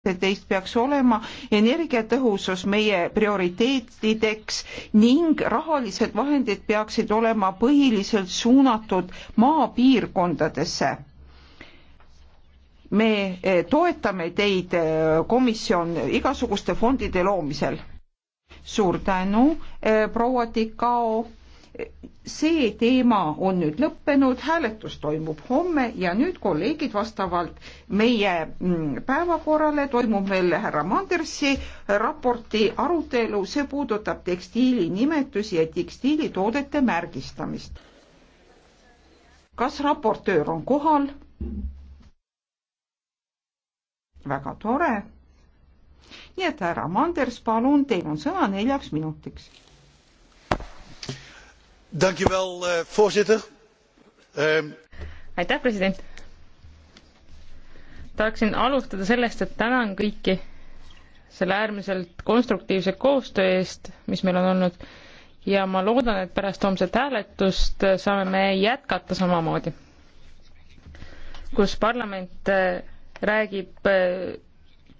seitseteist peaks olema energiatõhusus meie prioriteetideks ning rahalised vahendid peaksid olema põhiliselt suunatud maapiirkondadesse. me eh, toetame teid, eh, komisjon, igasuguste fondide loomisel. suur tänu, eh, proua Tikao see teema on nüüd lõppenud, hääletus toimub homme ja nüüd kolleegid vastavalt meie mm, päevakorrale toimub meil härra Mandersi raporti arutelu, see puudutab tekstiilinimetusi ja tekstiilitoodete märgistamist. kas raportöör on kohal? väga tore. nii et härra Manders, palun, teil on sõna neljaks minutiks Eh, voorzitter ehm, tahaksin alustada sellest et tänan kõiki selle äärmiselt konstruktiivse koostöö eest mis meil on olnud ja ma loodan et pärast homset hääletust saame me jätkata samamoodi kus parlament eh, räägib eh,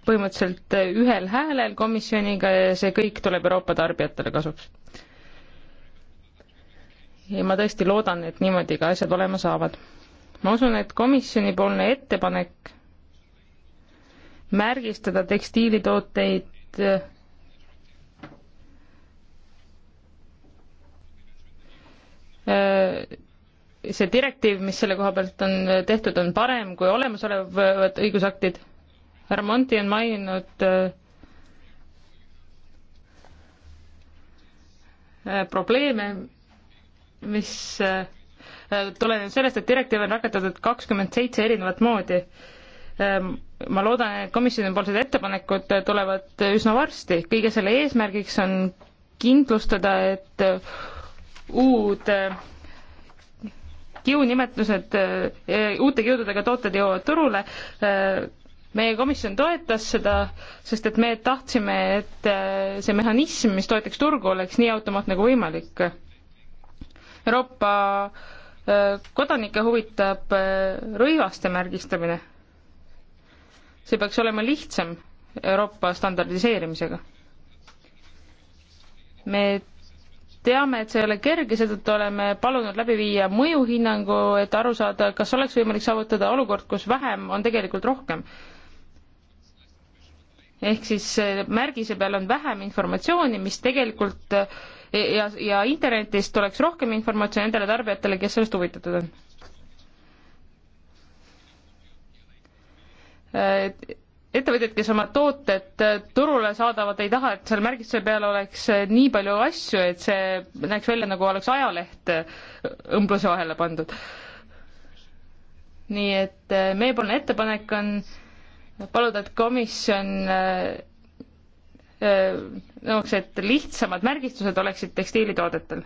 põhimõtteliselt ühel häälel komisjoniga ja see kõik tuleb euroopa tarbijatele kasuks ja ma tõesti loodan, et niimoodi ka asjad olema saavad. ma usun, et komisjonipoolne ettepanek märgistada tekstiilitooteid äh, see direktiiv, mis selle koha pealt on tehtud, on parem kui olemasolevad õigusaktid. härra Monti on maininud äh, probleeme, mis äh, tuleneb sellest, et direktiiv on rakendatud kakskümmend seitse erinevat moodi. Ähm, ma loodan, et komisjonipoolsed ettepanekud tulevad üsna varsti, kõige selle eesmärgiks on kindlustada, et äh, uud äh, kiunimetused, uute kiududega tooted jõuavad turule, meie komisjon toetas seda, sest et me tahtsime, et see mehhanism, mis toetaks turgu, oleks nii automaatne kui võimalik Euroopa äh, kodanikke huvitab äh, rõivaste märgistamine. see peaks olema lihtsam Euroopa standardiseerimisega. me teame, et see ei ole kerge, seetõttu oleme palunud läbi viia mõjuhinnangu, et aru saada, kas oleks võimalik saavutada olukord, kus vähem on tegelikult rohkem. ehk siis äh, märgise peal on vähem informatsiooni, mis tegelikult ja, ja internetist tuleks rohkem informatsiooni nendele tarbijatele, kes sellest huvitatud on. ettevõtjad, kes oma tooted turule saadavad, ei taha, et seal märgistuse peal oleks nii palju asju, et see näeks välja, nagu oleks ajaleht õmbluse vahele pandud. nii et eh, meiepoolne ettepanek on paluda, et komisjon eh, Äh, niisugused lihtsamad märgistused oleksid tekstiilitoodetel.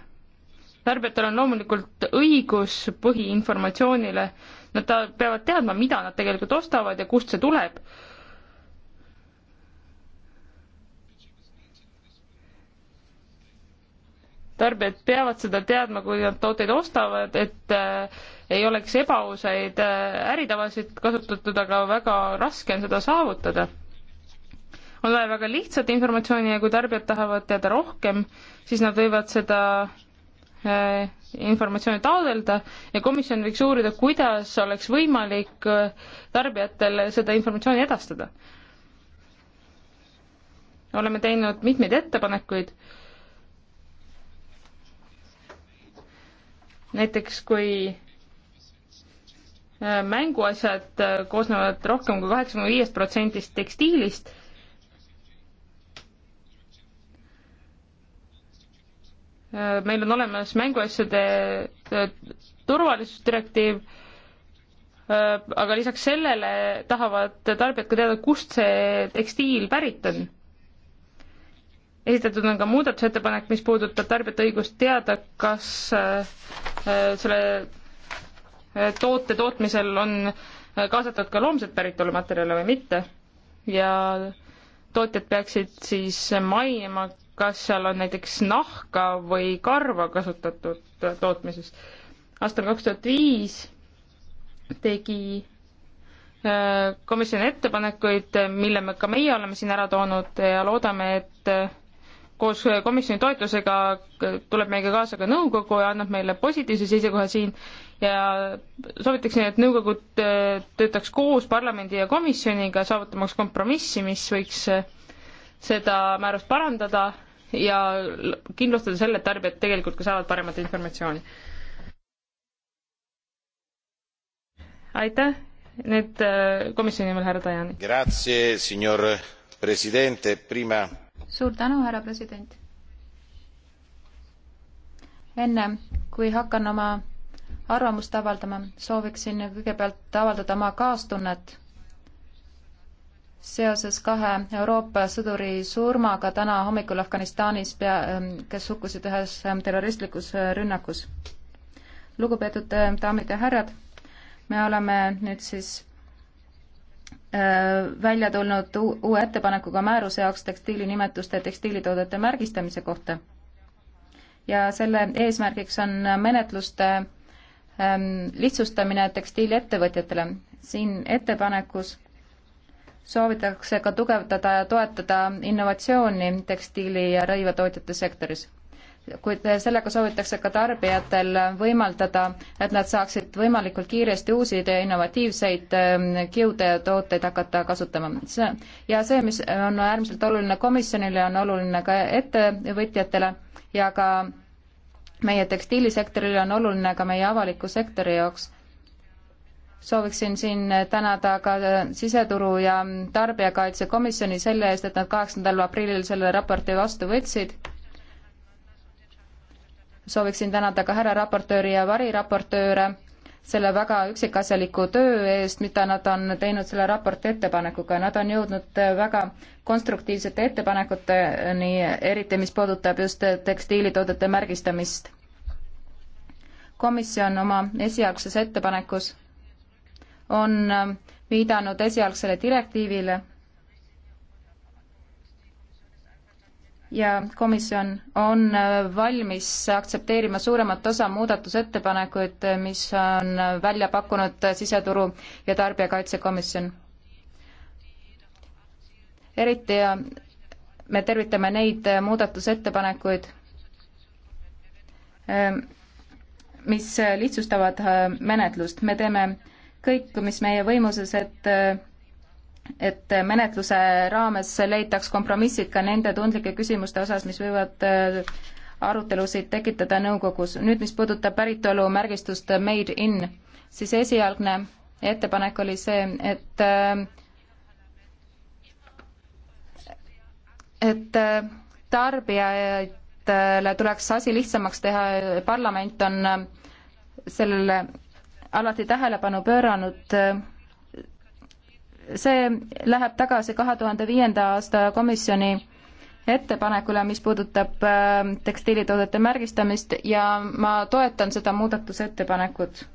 tarbijatel on loomulikult õigus põhiinformatsioonile, nad ta-, peavad teadma, mida nad tegelikult ostavad ja kust see tuleb. tarbijad peavad seda teadma, kui nad tooteid ostavad, et äh, ei oleks ebaausaid äh, äritavasid kasutatud, aga väga raske on seda saavutada on vaja väga lihtsat informatsiooni ja kui tarbijad tahavad teada rohkem, siis nad võivad seda eh, informatsiooni taodelda ja komisjon võiks uurida, kuidas oleks võimalik eh, tarbijatele seda informatsiooni edastada. oleme teinud mitmeid ettepanekuid. näiteks kui eh, mänguasjad koosnevad rohkem kui kaheksakümne viiest protsendist tekstiilist meil on olemas mänguasjade äh, turvalisusdirektiiv, äh, aga lisaks sellele tahavad tarbijad ka teada, kust see tekstiil pärit on. esitatud on ka muudatusettepanek, mis puudutab tarbijate õigust teada, kas äh, selle toote tootmisel on kaasatud ka loomset päritolu materjale või mitte ja tootjad peaksid siis mainima, kas seal on näiteks nahka või karva kasutatud äh, tootmises. aastal kaks tuhat viis tegi äh, komisjon ettepanekuid, mille me ka meie oleme siin ära toonud ja loodame, et äh, koos komisjoni toetusega tuleb meiega kaasa ka nõukogu ja annab meile positiivse seisukoha siin ja soovitaksin, et nõukogu töötaks koos parlamendi ja komisjoniga, saavutamaks kompromissi, mis võiks seda määrust parandada ja kindlustada selle, et tarbijad tegelikult ka saavad paremat informatsiooni. aitäh, nüüd äh, komisjoni nimel härra Tajani. Grazie, signor presidente, prima. suur tänu, härra president. enne kui hakkan oma arvamust avaldama, sooviksin kõigepealt avaldada oma kaastunnet seoses kahe Euroopa sõduri surmaga täna hommikul Afganistanis, pea, ähm, kes hukkusid ühes ähm, terroristlikus äh, rünnakus. lugupeetud äh, daamid ja härrad, me oleme nüüd siis äh, välja tulnud uue ettepanekuga määruse jaoks tekstiilinimetuste tekstiilitoodete märgistamise kohta. ja selle eesmärgiks on menetluste ähm, lihtsustamine tekstiiliettevõtjatele. siin ettepanekus soovitakse ka tugevdada ja toetada innovatsiooni tekstiili- ja rõivatootjate sektoris. kuid sellega soovitakse ka tarbijatel võimaldada, et nad saaksid võimalikult kiiresti uusi ja innovatiivseid ähm, kiude ja tooteid hakata kasutama. see ja see, mis on äärmiselt oluline komisjonile, on oluline ka ettevõtjatele ja ka meie tekstiilisektorile on oluline ka meie avaliku sektori jaoks sooviksin siin tänada ka siseturu ja tarbijakaitsekomisjoni selle eest, et nad kaheksandal aprillil selle raporti vastu võtsid. sooviksin tänada ka härra raportööri ja variraportööre selle väga üksikasjaliku töö eest, mida nad on teinud selle raporti ettepanekuga. Nad on jõudnud väga konstruktiivsete ettepanekuteni, eriti mis puudutab just tekstiilitoodete märgistamist. komisjon oma esialgses ettepanekus on ähm, viidanud esialgsele direktiivile ja komisjon on äh, valmis aktsepteerima suuremat osa muudatusettepanekuid, äh, mis on äh, välja pakkunud siseturu- ja tarbijakaitsekomisjon. eriti me tervitame neid muudatusettepanekuid, ähm, mis lihtsustavad menetlust, me teeme kõik, mis meie võimuses, et et menetluse raames leitaks kompromissid ka nende tundlike küsimuste osas, mis võivad äh, arutelusid tekitada nõukogus. nüüd, mis puudutab päritolumärgistust Made in, siis esialgne ettepanek oli see, et äh, et äh, tarbijatele tuleks asi lihtsamaks teha, parlament on sellele alati tähelepanu pööranud, see läheb tagasi kahe tuhande viienda aasta komisjoni ettepanekule, mis puudutab äh, tekstiilitoodete märgistamist ja ma toetan seda muudatusettepanekut.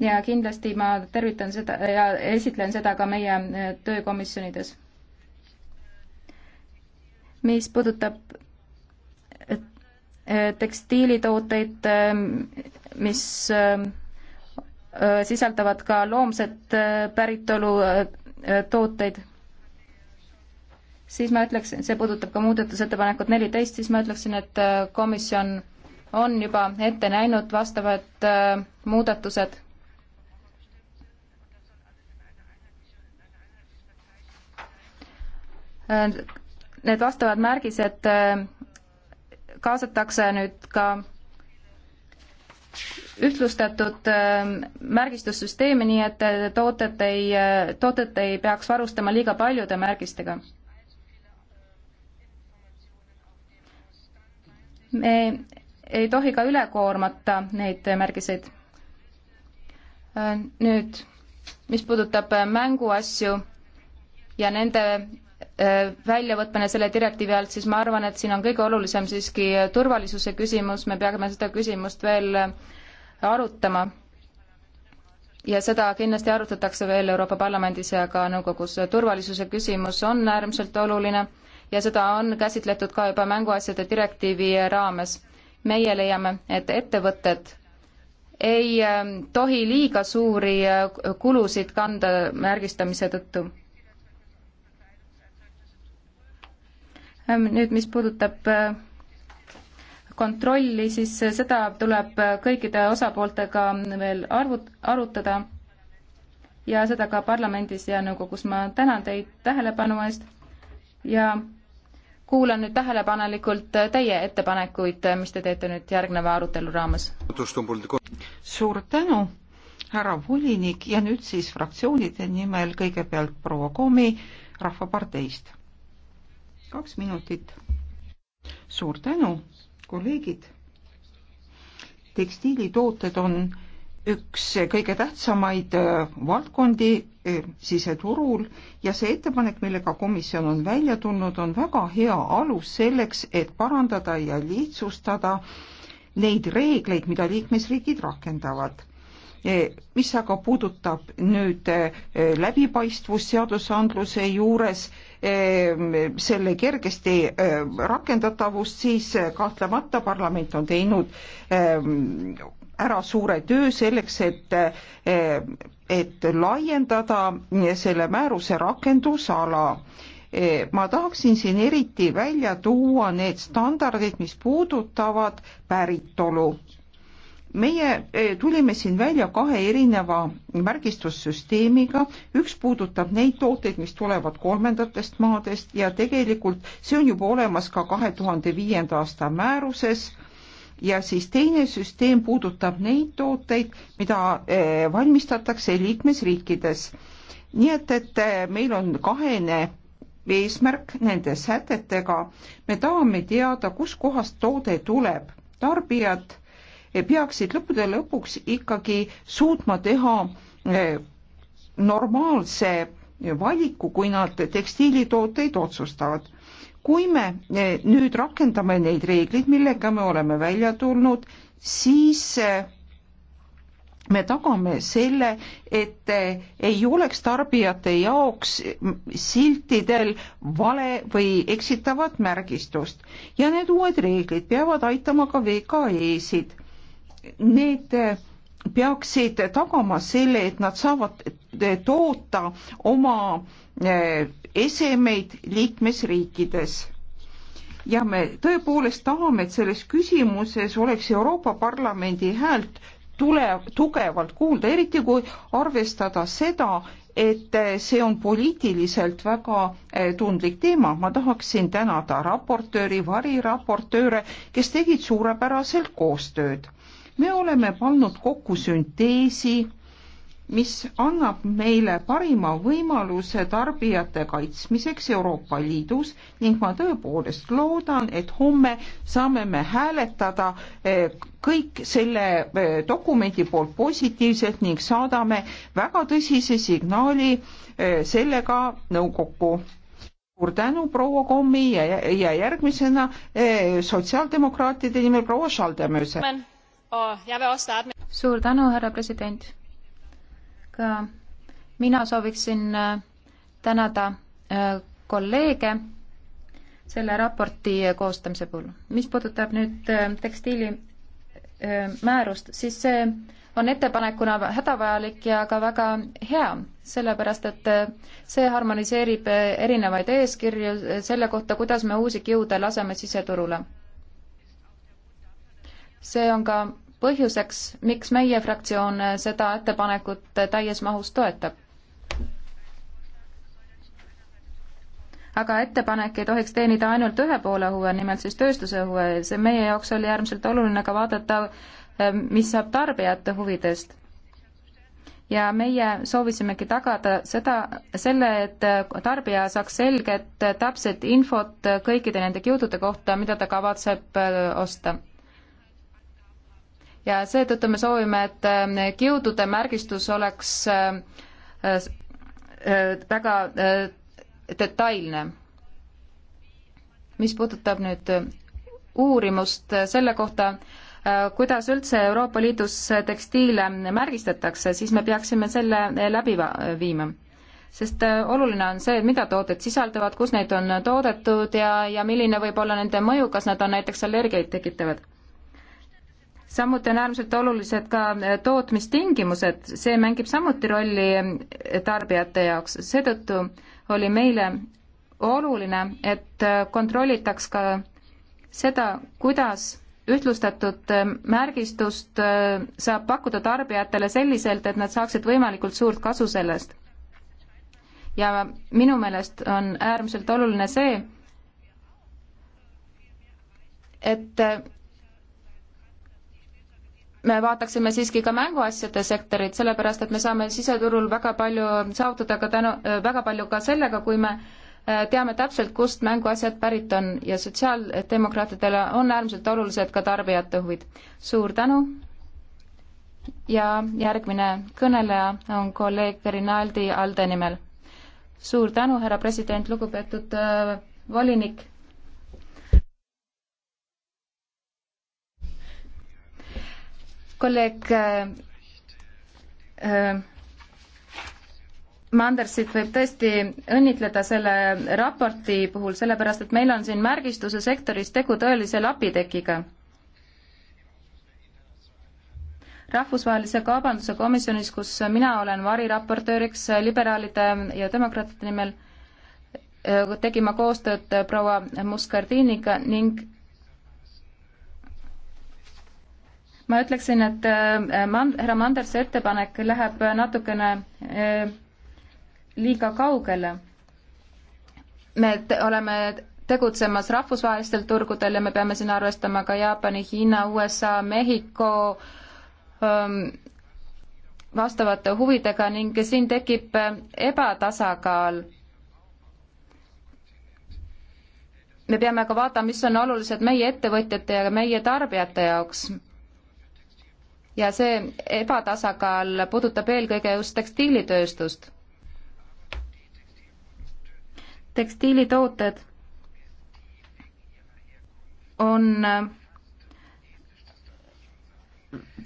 ja kindlasti ma tervitan seda ja esitlen seda ka meie äh, töökomisjonides. mis puudutab tekstiilitooteid, mis sisaldavad ka loomset päritolu tooteid, siis ma ütleksin, see puudutab ka muudatusettepanekut neliteist, siis ma ütleksin, et komisjon on juba ette näinud vastavad muudatused need vastavad märgised kaasatakse nüüd ka ühtlustatud ähm, märgistussüsteemi, nii et äh, tooted ei, äh, tooted ei peaks varustama liiga paljude märgistega. me ei tohi ka üle koormata neid märgiseid. Äh, nüüd, mis puudutab mänguasju ja nende Äh, väljavõtmine selle direktiivi alt, siis ma arvan, et siin on kõige olulisem siiski turvalisuse küsimus, me peame seda küsimust veel arutama. ja seda kindlasti arutatakse veel Euroopa Parlamendis ja ka nõukogus. turvalisuse küsimus on äärmiselt oluline ja seda on käsitletud ka juba mänguasjade direktiivi raames. meie leiame, et ettevõtted ei äh, tohi liiga suuri äh, kulusid kanda märgistamise tõttu Ähm, nüüd, mis puudutab äh, kontrolli, siis äh, seda tuleb äh, kõikide osapooltega veel arvut-, arutada ja seda ka parlamendis ja nõukogus. ma tänan teid tähelepanu eest ja kuulan nüüd tähelepanelikult teie ettepanekuid, mis te teete nüüd järgneva arutelu raames. suur tänu, härra volinik ja nüüd siis fraktsioonide nimel kõigepealt proua Komi Rahvaparteist kaks minutit. suur tänu, kolleegid. tekstiilitooted on üks kõige tähtsamaid äh, valdkondi äh, siseturul ja see ettepanek, millega komisjon on välja tulnud, on väga hea alus selleks, et parandada ja lihtsustada neid reegleid, mida liikmesriigid rakendavad Eh, mis aga puudutab nüüd eh, läbipaistvust seadusandluse juures, eh, selle kergesti rakendatavust, siis kahtlemata parlament on teinud ära suure töö selleks, et, et laiendada selle määruse rakendusala ma tahaksin siin eriti välja tuua need standardid, mis puudutavad päritolu meie eh, tulime siin välja kahe erineva märgistussüsteemiga, üks puudutab neid tooteid, mis tulevad kolmandatest maadest ja tegelikult see on juba olemas ka kahe tuhande viienda aasta määruses ja siis teine süsteem puudutab neid tooteid, mida eh, valmistatakse liikmesriikides. nii et, et eh, meil on kahene eesmärk nende sätetega, me tahame teada, kuskohast toode tuleb, tarbijad Eh, peaksid lõppude lõpuks ikkagi suutma teha eh, normaalse valiku, kui nad tekstiilitooteid otsustavad. kui me eh, nüüd rakendame neid reegleid, millega me oleme välja tulnud, siis me tagame selle, et ei oleks tarbijate jaoks siltidel vale või eksitavat märgistust ja need uued reeglid peavad aitama ka VKE-sid need peaksid tagama selle, et nad saavad toota oma eh, esemeid liikmesriikides. ja me tõepoolest tahame, et selles küsimuses oleks Euroopa Parlamendi häält tule, tugevalt kuulda, eriti kui arvestada seda, et see on poliitiliselt väga eh, tundlik teema. ma tahaksin tänada raportööri, variraportööre, kes tegid suurepäraselt koostööd me oleme pannud kokku sünteesi, mis annab meile parima võimaluse tarbijate kaitsmiseks Euroopa Liidus ning ma tõepoolest loodan, et homme saame me hääletada eh, kõik selle eh, dokumendi poolt positiivselt ning saadame väga tõsise signaali eh, sellega nõukokku suur tänu, proua Kommi ja, ja järgmisena sotsiaaldemokraatide nimel proua Schaldemöse suur tänu, härra president. ka mina sooviksin äh, tänada äh, kolleege selle raporti äh, koostamise puhul. mis puudutab nüüd tekstiili määrust, siis see on ettepanekuna hädavajalik ja ka väga hea, sellepärast et see harmoniseerib erinevaid eeskirju selle kohta, kuidas me uusi kiude laseme siseturule see on ka põhjuseks, miks meie fraktsioon seda ettepanekut täies mahus toetab. aga ettepanek ei tohiks teenida ainult ühe poole huve, nimelt siis tööstuse huve, see meie jaoks oli äärmiselt oluline ka vaadata, eh, mis saab tarbijate huvidest ja meie soovisimegi tagada seda, selle, et tarbija saaks selget, täpset infot kõikide nende kiudude kohta, mida ta kavatseb eh, osta ja seetõttu me soovime, et äh, kiudude märgistus oleks äh, äh, väga detailne. mis puudutab nüüd uurimust selle kohta, kuidas üldse Euroopa Liidus tekstiile märgistatakse, siis me peaksime selle läbi viima. sest oluline on see, mida tooted sisaldavad, kus neid on toodetud ja, ja milline võib olla nende mõju, kas nad on näiteks allergiaid tekitavad samuti on äärmiselt olulised ka äh, tootmistingimused, see mängib samuti rolli äh, tarbijate jaoks, seetõttu oli meile oluline, et äh, kontrollitaks ka seda, kuidas ühtlustatud märgistust saab pakkuda tarbijatele selliselt, et nad saaksid võimalikult suurt kasu sellest. ja minu meelest on äärmiselt oluline see, et me vaataksime siiski ka mänguasjade sektorit, sellepärast et me saame siseturul väga palju saavutada ka tänu, väga palju ka sellega, kui me äh, teame täpselt, kust mänguasjad pärit on ja sotsiaaldemokraatidele on äärmiselt olulised ka tarbijate huvid. suur tänu ja järgmine kõneleja on kolleeg Rinaldi Alde nimel. suur tänu, härra president, lugupeetud äh, volinik kolleeg äh, äh, Mandersit võib tõesti õnnitleda selle raporti puhul, sellepärast et meil on siin märgistuse sektoris tegu tõelise lapitekiga. rahvusvahelise Kaubanduse Komisjonis, kus mina olen variraportööriks liberaalide ja demokraatide nimel, äh, tegin ma koostööd proua Muscardiniga ning ma ütleksin, et äh, man-, härra Manderse ettepanek läheb natukene äh, liiga kaugele. me oleme tegutsemas rahvusvahelistel turgudel ja me peame siin arvestama ka Jaapani, Hiina, USA, Mehhiko ähm, vastavate huvidega ning siin tekib äh, ebatasakaal me peame ka vaatama, mis on olulised meie ettevõtjate ja meie tarbijate jaoks ja see ebatasakaal puudutab eelkõige just tekstiilitööstust. tekstiilitooted on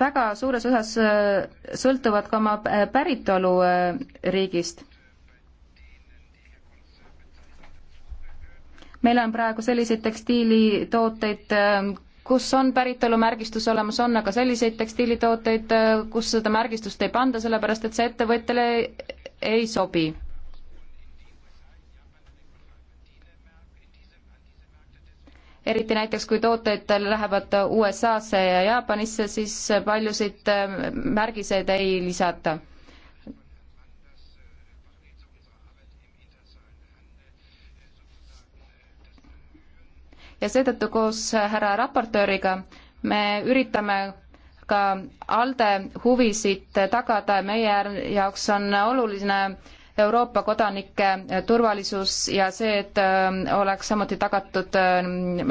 väga suures osas äh, sõltuvad ka oma äh, päritoluriigist. Äh, meil on praegu selliseid tekstiilitooteid, kus on päritolumärgistus olemas, on aga selliseid tekstiilitooteid, äh, kus seda märgistust ei panda, sellepärast et see ettevõtjale ei sobi. eriti näiteks, kui tooted lähevad USA-sse ja Jaapanisse, siis paljusid äh, märgiseid ei lisata ja seetõttu koos äh, härra raportööriga me üritame ka ALDE huvisid äh, tagada ja meie jaoks on oluline Euroopa kodanike äh, turvalisus ja see, et oleks samuti tagatud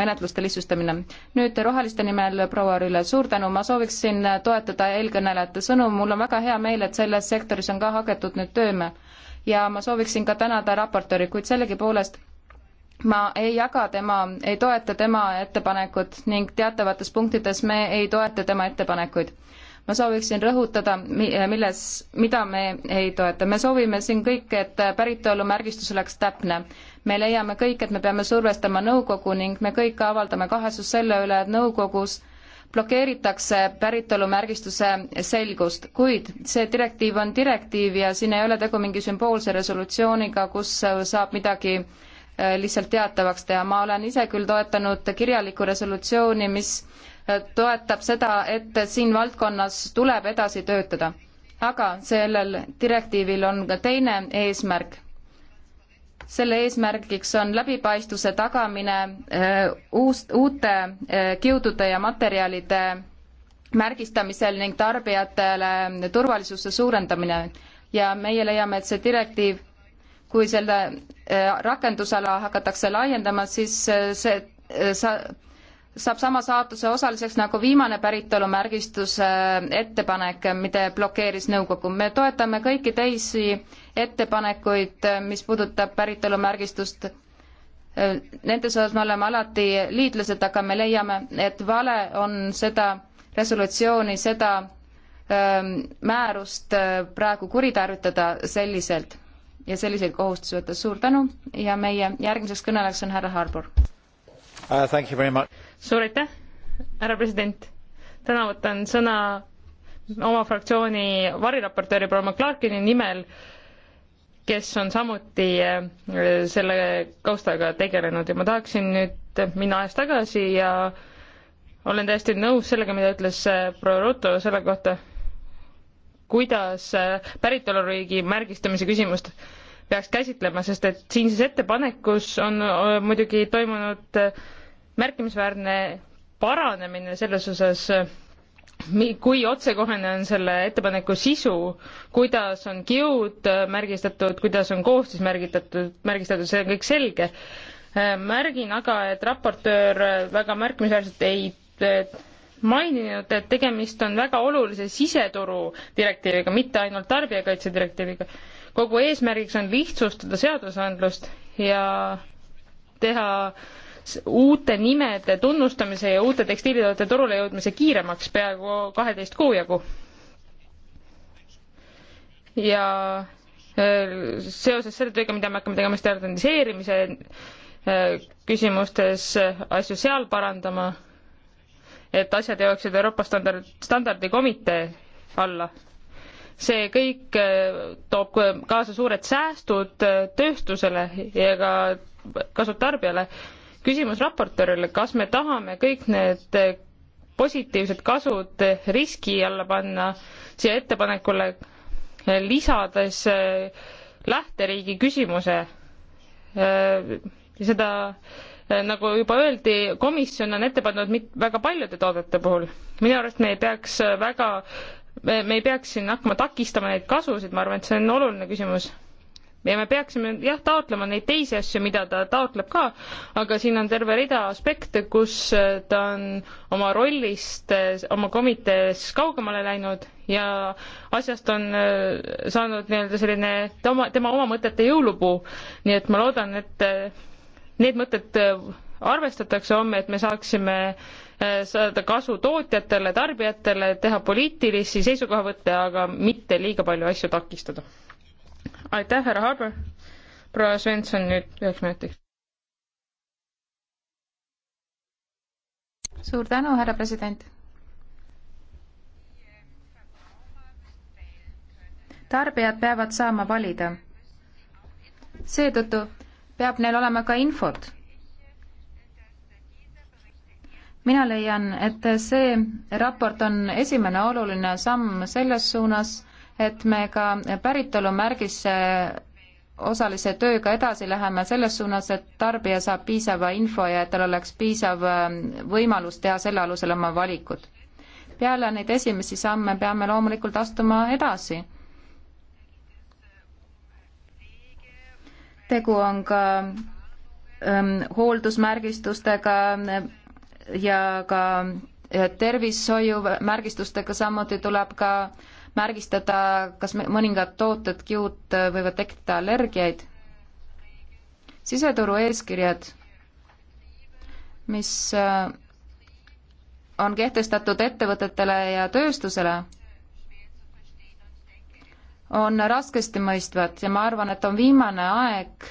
menetluste lihtsustamine. nüüd Roheliste nimel proua Rüle, suur tänu, ma sooviksin toetada eelkõnelejate sõnu, mul on väga hea meel, et selles sektoris on ka hakatud nüüd tööme. ja ma sooviksin ka tänada raportööri, kuid sellegipoolest ma ei jaga tema, ei toeta tema ettepanekut ning teatavates punktides me ei toeta tema ettepanekuid. ma sooviksin rõhutada, milles, mida me ei toeta. me soovime siin kõik, et päritolumärgistus oleks täpne. me leiame kõik, et me peame survestama nõukogu ning me kõik avaldame kahesust selle üle, et nõukogus blokeeritakse päritolumärgistuse selgust, kuid see direktiiv on direktiiv ja siin ei ole tegu mingi sümboolse resolutsiooniga, kus saab midagi äh, Äh, lihtsalt teatavaks teha. ma olen ise küll toetanud kirjalikku resolutsiooni, mis äh, toetab seda, et siin valdkonnas tuleb edasi töötada. aga sellel direktiivil on ka teine eesmärk. selle eesmärgiks on läbipaistvuse tagamine äh, uus, uute kiudude ja materjalide märgistamisel ning tarbijatele turvalisuse suurendamine ja meie leiame, et see direktiiv kui selle äh, rakendusala hakatakse laiendama, siis äh, see äh, sa, saab sama saatuse osaliseks nagu viimane päritolumärgistuse ettepanek, mida blokeeris nõukogu. me toetame kõiki teisi ettepanekuid, mis puudutab päritolumärgistust. Nendes osas me oleme alati liitlased, aga me leiame, et vale on seda resolutsiooni, seda ähm, määrust praegu kuritarvitada selliselt ja selliseid kohustusi võtta. suur tänu ja meie järgmiseks kõnelejaks on härra Harbour uh,. suur aitäh, härra president. täna võtan sõna oma fraktsiooni variraportööri proua McClarkini nimel, kes on samuti äh, selle kaustaga tegelenud ja ma tahaksin nüüd minna ajas tagasi ja olen täiesti nõus sellega, mida ütles äh, proua Ruto selle kohta, kuidas äh, päritoluriigi märgistamise küsimust peaks käsitlema, sest et siinses ettepanekus on äh, muidugi toimunud äh, märkimisväärne paranemine selles osas, kui otsekohene on selle ettepaneku sisu, kuidas on kiud märgistatud, kuidas on koostis märgitatud, märgistatud, see on kõik selge. märgin aga, et raportöör väga märkimisväärselt ei maininud, et tegemist on väga olulise siseturu direktiiviga, mitte ainult tarbijakaitse direktiiviga. kogu eesmärgiks on lihtsustada seadusandlust ja teha uute nimede tunnustamise ja uute tekstiilitoodete turule jõudmise kiiremaks peaaegu kaheteist kuu jagu. ja seoses selle tööga, mida me hakkame tegema standardiseerimise küsimustes, asju seal parandama et asjad jõuaksid Euroopa standard, standardikomitee alla. see kõik eh, toob kaasa suured säästud eh, tööstusele ja ka kasutarbijale. küsimus raportöörile, kas me tahame kõik need eh, positiivsed kasud riski alla panna siia ettepanekule, lisades lähteriigi küsimuse ja seda nagu juba öeldi, komisjon on ette pannud mit-, väga paljude toodete puhul. minu arust me ei peaks väga, me, me ei peaks siin hakkama takistama neid kasusid, ma arvan, et see on oluline küsimus. ja me peaksime jah, taotlema neid teisi asju, mida ta taotleb ka, aga siin on terve rida aspekte, kus ta on oma rollist oma komitees kaugemale läinud ja asjast on äh, saanud nii-öelda selline tema, tema oma mõtete jõulupuu. nii et ma loodan, et need mõtted äh, arvestatakse homme, et me saaksime äh, saada kasu tootjatele, tarbijatele, teha poliitilisi seisukohavõtte, aga mitte liiga palju asju takistada. aitäh, härra Haber. proua Svensson nüüd üheks minutiks. suur tänu, härra president. tarbijad peavad saama valida. seetõttu peab neil olema ka infot. mina leian, et see raport on esimene oluline samm selles suunas, et me ka päritolumärgise osalise tööga edasi läheme selles suunas, et tarbija saab piisava info ja et tal oleks piisav ähm, võimalus teha selle alusel oma valikud. peale neid esimesi samme peame loomulikult astuma edasi tegu on ka ähm, hooldusmärgistustega äh, ja ka tervishoiumärgistustega, samuti tuleb ka märgistada, kas mõningad tooted, kiud äh, võivad tekitada allergiaid. siseturu eeskirjad, mis äh, on kehtestatud ettevõtetele ja tööstusele on raskesti mõistvad ja ma arvan, et on viimane aeg,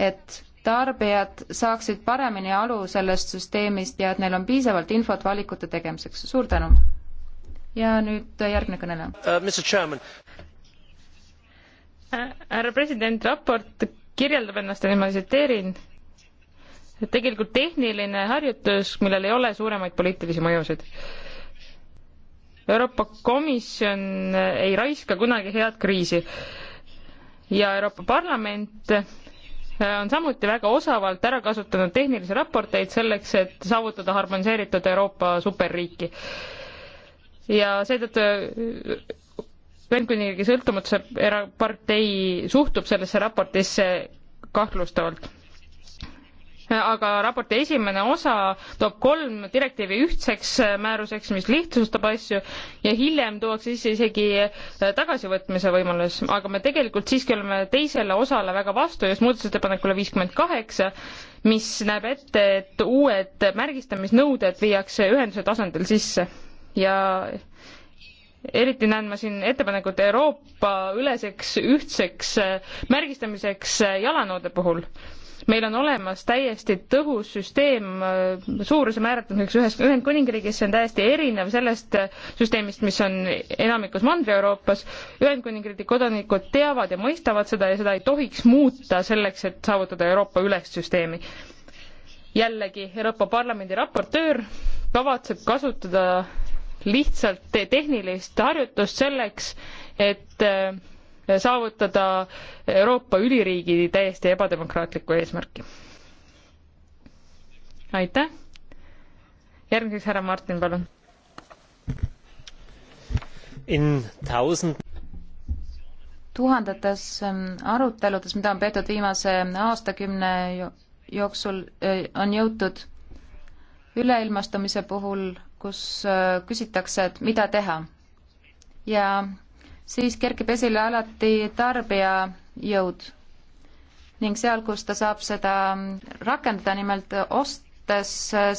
et tarbijad saaksid paremini aru sellest süsteemist ja et neil on piisavalt infot valikute tegemiseks. suur tänu! ja nüüd järgmine kõneleja uh,. härra president, raport kirjeldab ennast ja nüüd ma tsiteerin, et tegelikult tehniline harjutus, millel ei ole suuremaid poliitilisi mõjusid Euroopa Komisjon ei raiska kunagi head kriisi. ja Euroopa Parlament äh, on samuti väga osavalt ära kasutanud tehnilisi raporteid selleks, et saavutada harmoniseeritud Euroopa superriiki. ja seetõttu äh, Ühendkuningriigi sõltumatuse partei suhtub sellesse raportisse kahtlustavalt aga raporti esimene osa toob kolm direktiivi ühtseks määruseks, mis lihtsustab asju ja hiljem tuuakse sisse isegi äh, tagasivõtmise võimalus, aga me tegelikult siiski oleme teisele osale väga vastu, just muudatusettepanekule viiskümmend kaheksa, mis näeb ette, et uued märgistamisnõuded viiakse ühenduse tasandil sisse ja eriti näen ma siin ettepanekut Euroopa üleseks ühtseks äh, märgistamiseks äh, jalanõude puhul meil on olemas täiesti tõhus süsteem äh, suuruse määratlemiseks ühes Ühendkuningriigis, see on täiesti erinev sellest äh, süsteemist, mis on enamikus Mandri-Euroopas. Ühendkuningriigi kodanikud teavad ja mõistavad seda ja seda ei tohiks muuta selleks, et saavutada Euroopa ülest süsteemi. jällegi, Euroopa Parlamendi raportöör kavatseb kasutada lihtsalt tehnilist harjutust selleks, et äh, saavutada Euroopa üliriigi täiesti ebademokraatlikku eesmärki. aitäh. järgmiseks härra Martin, palun. In thousand tuhandetes ähm, aruteludes, mida on peetud viimase aastakümne jooksul, äh, on jõutud üleilmastumise puhul, kus äh, küsitakse, et mida teha. ja siis kerkib esile alati tarbijajõud ning seal, kus ta saab seda rakendada, nimelt ostes,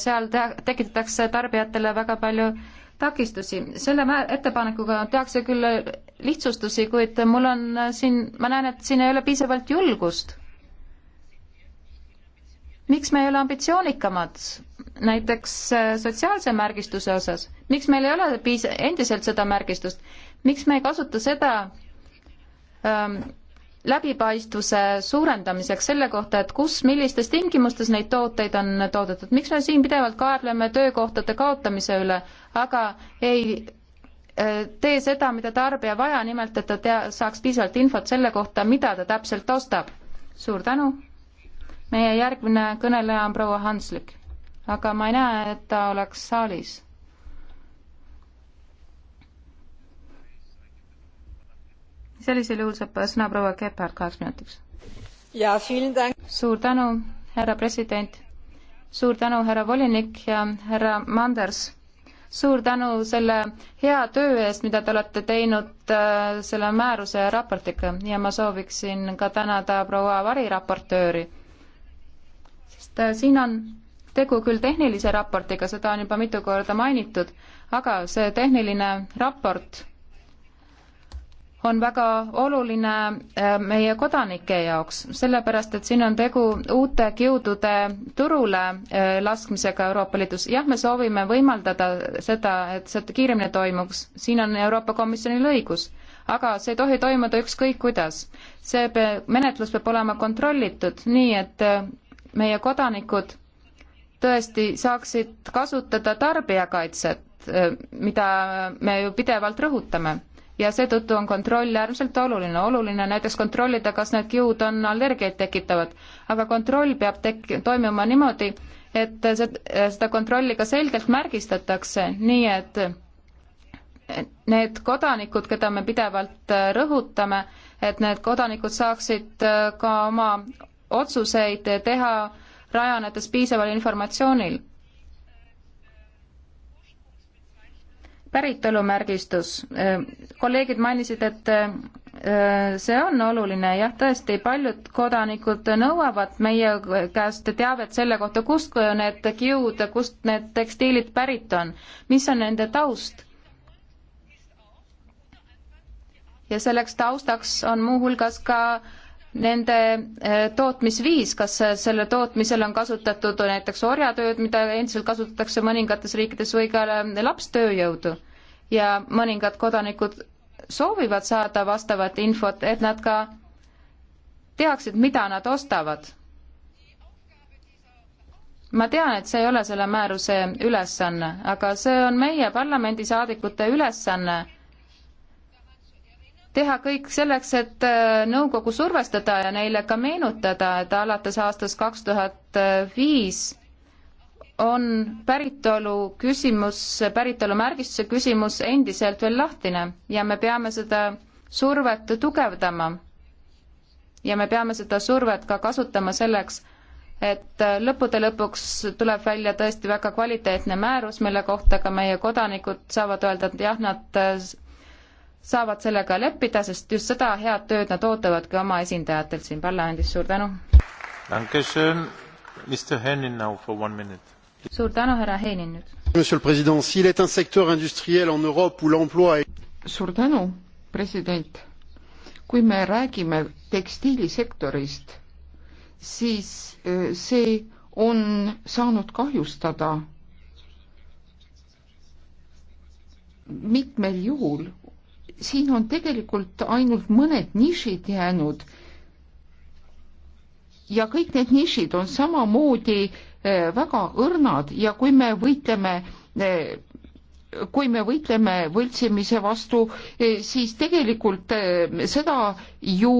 seal tekitatakse tarbijatele väga palju takistusi. selle ettepanekuga tehakse küll lihtsustusi, kuid mul on siin, ma näen, et siin ei ole piisavalt julgust. miks me ei ole ambitsioonikamad näiteks sotsiaalse märgistuse osas, miks meil ei ole piis-, endiselt seda märgistust? miks me ei kasuta seda ähm, läbipaistvuse suurendamiseks selle kohta, et kus, millistes tingimustes neid tooteid on toodetud, miks me siin pidevalt kaebleme töökohtade kaotamise üle, aga ei äh, tee seda, mida tarbija vaja, nimelt et ta tea, saaks piisavalt infot selle kohta, mida ta täpselt ostab. suur tänu. meie järgmine kõneleja on proua Hanslik, aga ma ei näe, et ta oleks saalis sellisel juhul saab sõna proua Gebhard kaheks minutiks. suur tänu, härra president, suur tänu, härra volinik ja härra Manders, suur tänu selle hea töö eest, mida te olete teinud äh, selle määruse ja raportiga ja ma sooviksin ka tänada proua variraportööri, sest äh, siin on tegu küll tehnilise raportiga, seda on juba mitu korda mainitud, aga see tehniline raport on väga oluline äh, meie kodanike jaoks, sellepärast et siin on tegu uute kiudude turule äh, laskmisega Euroopa Liidus. jah, me soovime võimaldada seda, et see kiiremini toimuks, siin on Euroopa Komisjonil õigus, aga see ei tohi toimuda ükskõik kuidas. see pe-, menetlus peab olema kontrollitud, nii et äh, meie kodanikud tõesti saaksid kasutada tarbijakaitset, mida me ju pidevalt rõhutame ja seetõttu on kontroll äärmiselt oluline. oluline näiteks kontrollida, kas need kiud on allergiaid tekitavad, aga kontroll peab tek-, toimuma niimoodi, et seda kontrolli ka selgelt märgistatakse, nii et need kodanikud, keda me pidevalt äh, rõhutame, et need kodanikud saaksid äh, ka oma otsuseid teha, rajanedes piisaval informatsioonil päritolumärgistus, äh, kolleegid mainisid, et äh, see on oluline, jah, tõesti, paljud kodanikud nõuavad meie käest teavet selle kohta, kust need kiud, kust need tekstiilid pärit on, mis on nende taust. ja selleks taustaks on muuhulgas ka äh, nende äh, tootmisviis, kas äh, selle tootmisel on kasutatud näiteks orjatööd, mida endiselt kasutatakse mõningates riikides või ka äh, lapstööjõudu ja mõningad kodanikud soovivad saada vastavat infot, et nad ka teaksid, mida nad ostavad. ma tean, et see ei ole selle määruse ülesanne, aga see on meie parlamendisaadikute ülesanne teha kõik selleks, et äh, nõukogu survestada ja neile ka meenutada, et alates aastast kaks tuhat äh, viis on päritolu küsimus, päritolumärgistuse küsimus endiselt veel lahtine ja me peame seda survet tugevdama. ja me peame seda survet ka kasutama selleks, et äh, lõppude lõpuks tuleb välja tõesti väga kvaliteetne määrus, mille kohta ka meie kodanikud saavad öelda, et jah, nad saavad sellega leppida, sest just seda head tööd nad ootavadki oma esindajatelt siin parlamendis, suur tänu! suur tänu, härra Heinin nüüd! Monsieur le Président, s'il est un secteur industriel en Europe où l'emploi est suur tänu, president! kui me räägime tekstiilisektorist, siis äh, see on saanud kahjustada mitmel juhul siin on tegelikult ainult mõned nišid jäänud ja kõik need nišid on samamoodi eh, väga õrnad ja kui me võitleme eh, kui me võitleme võltsimise vastu, eh, siis tegelikult seda ju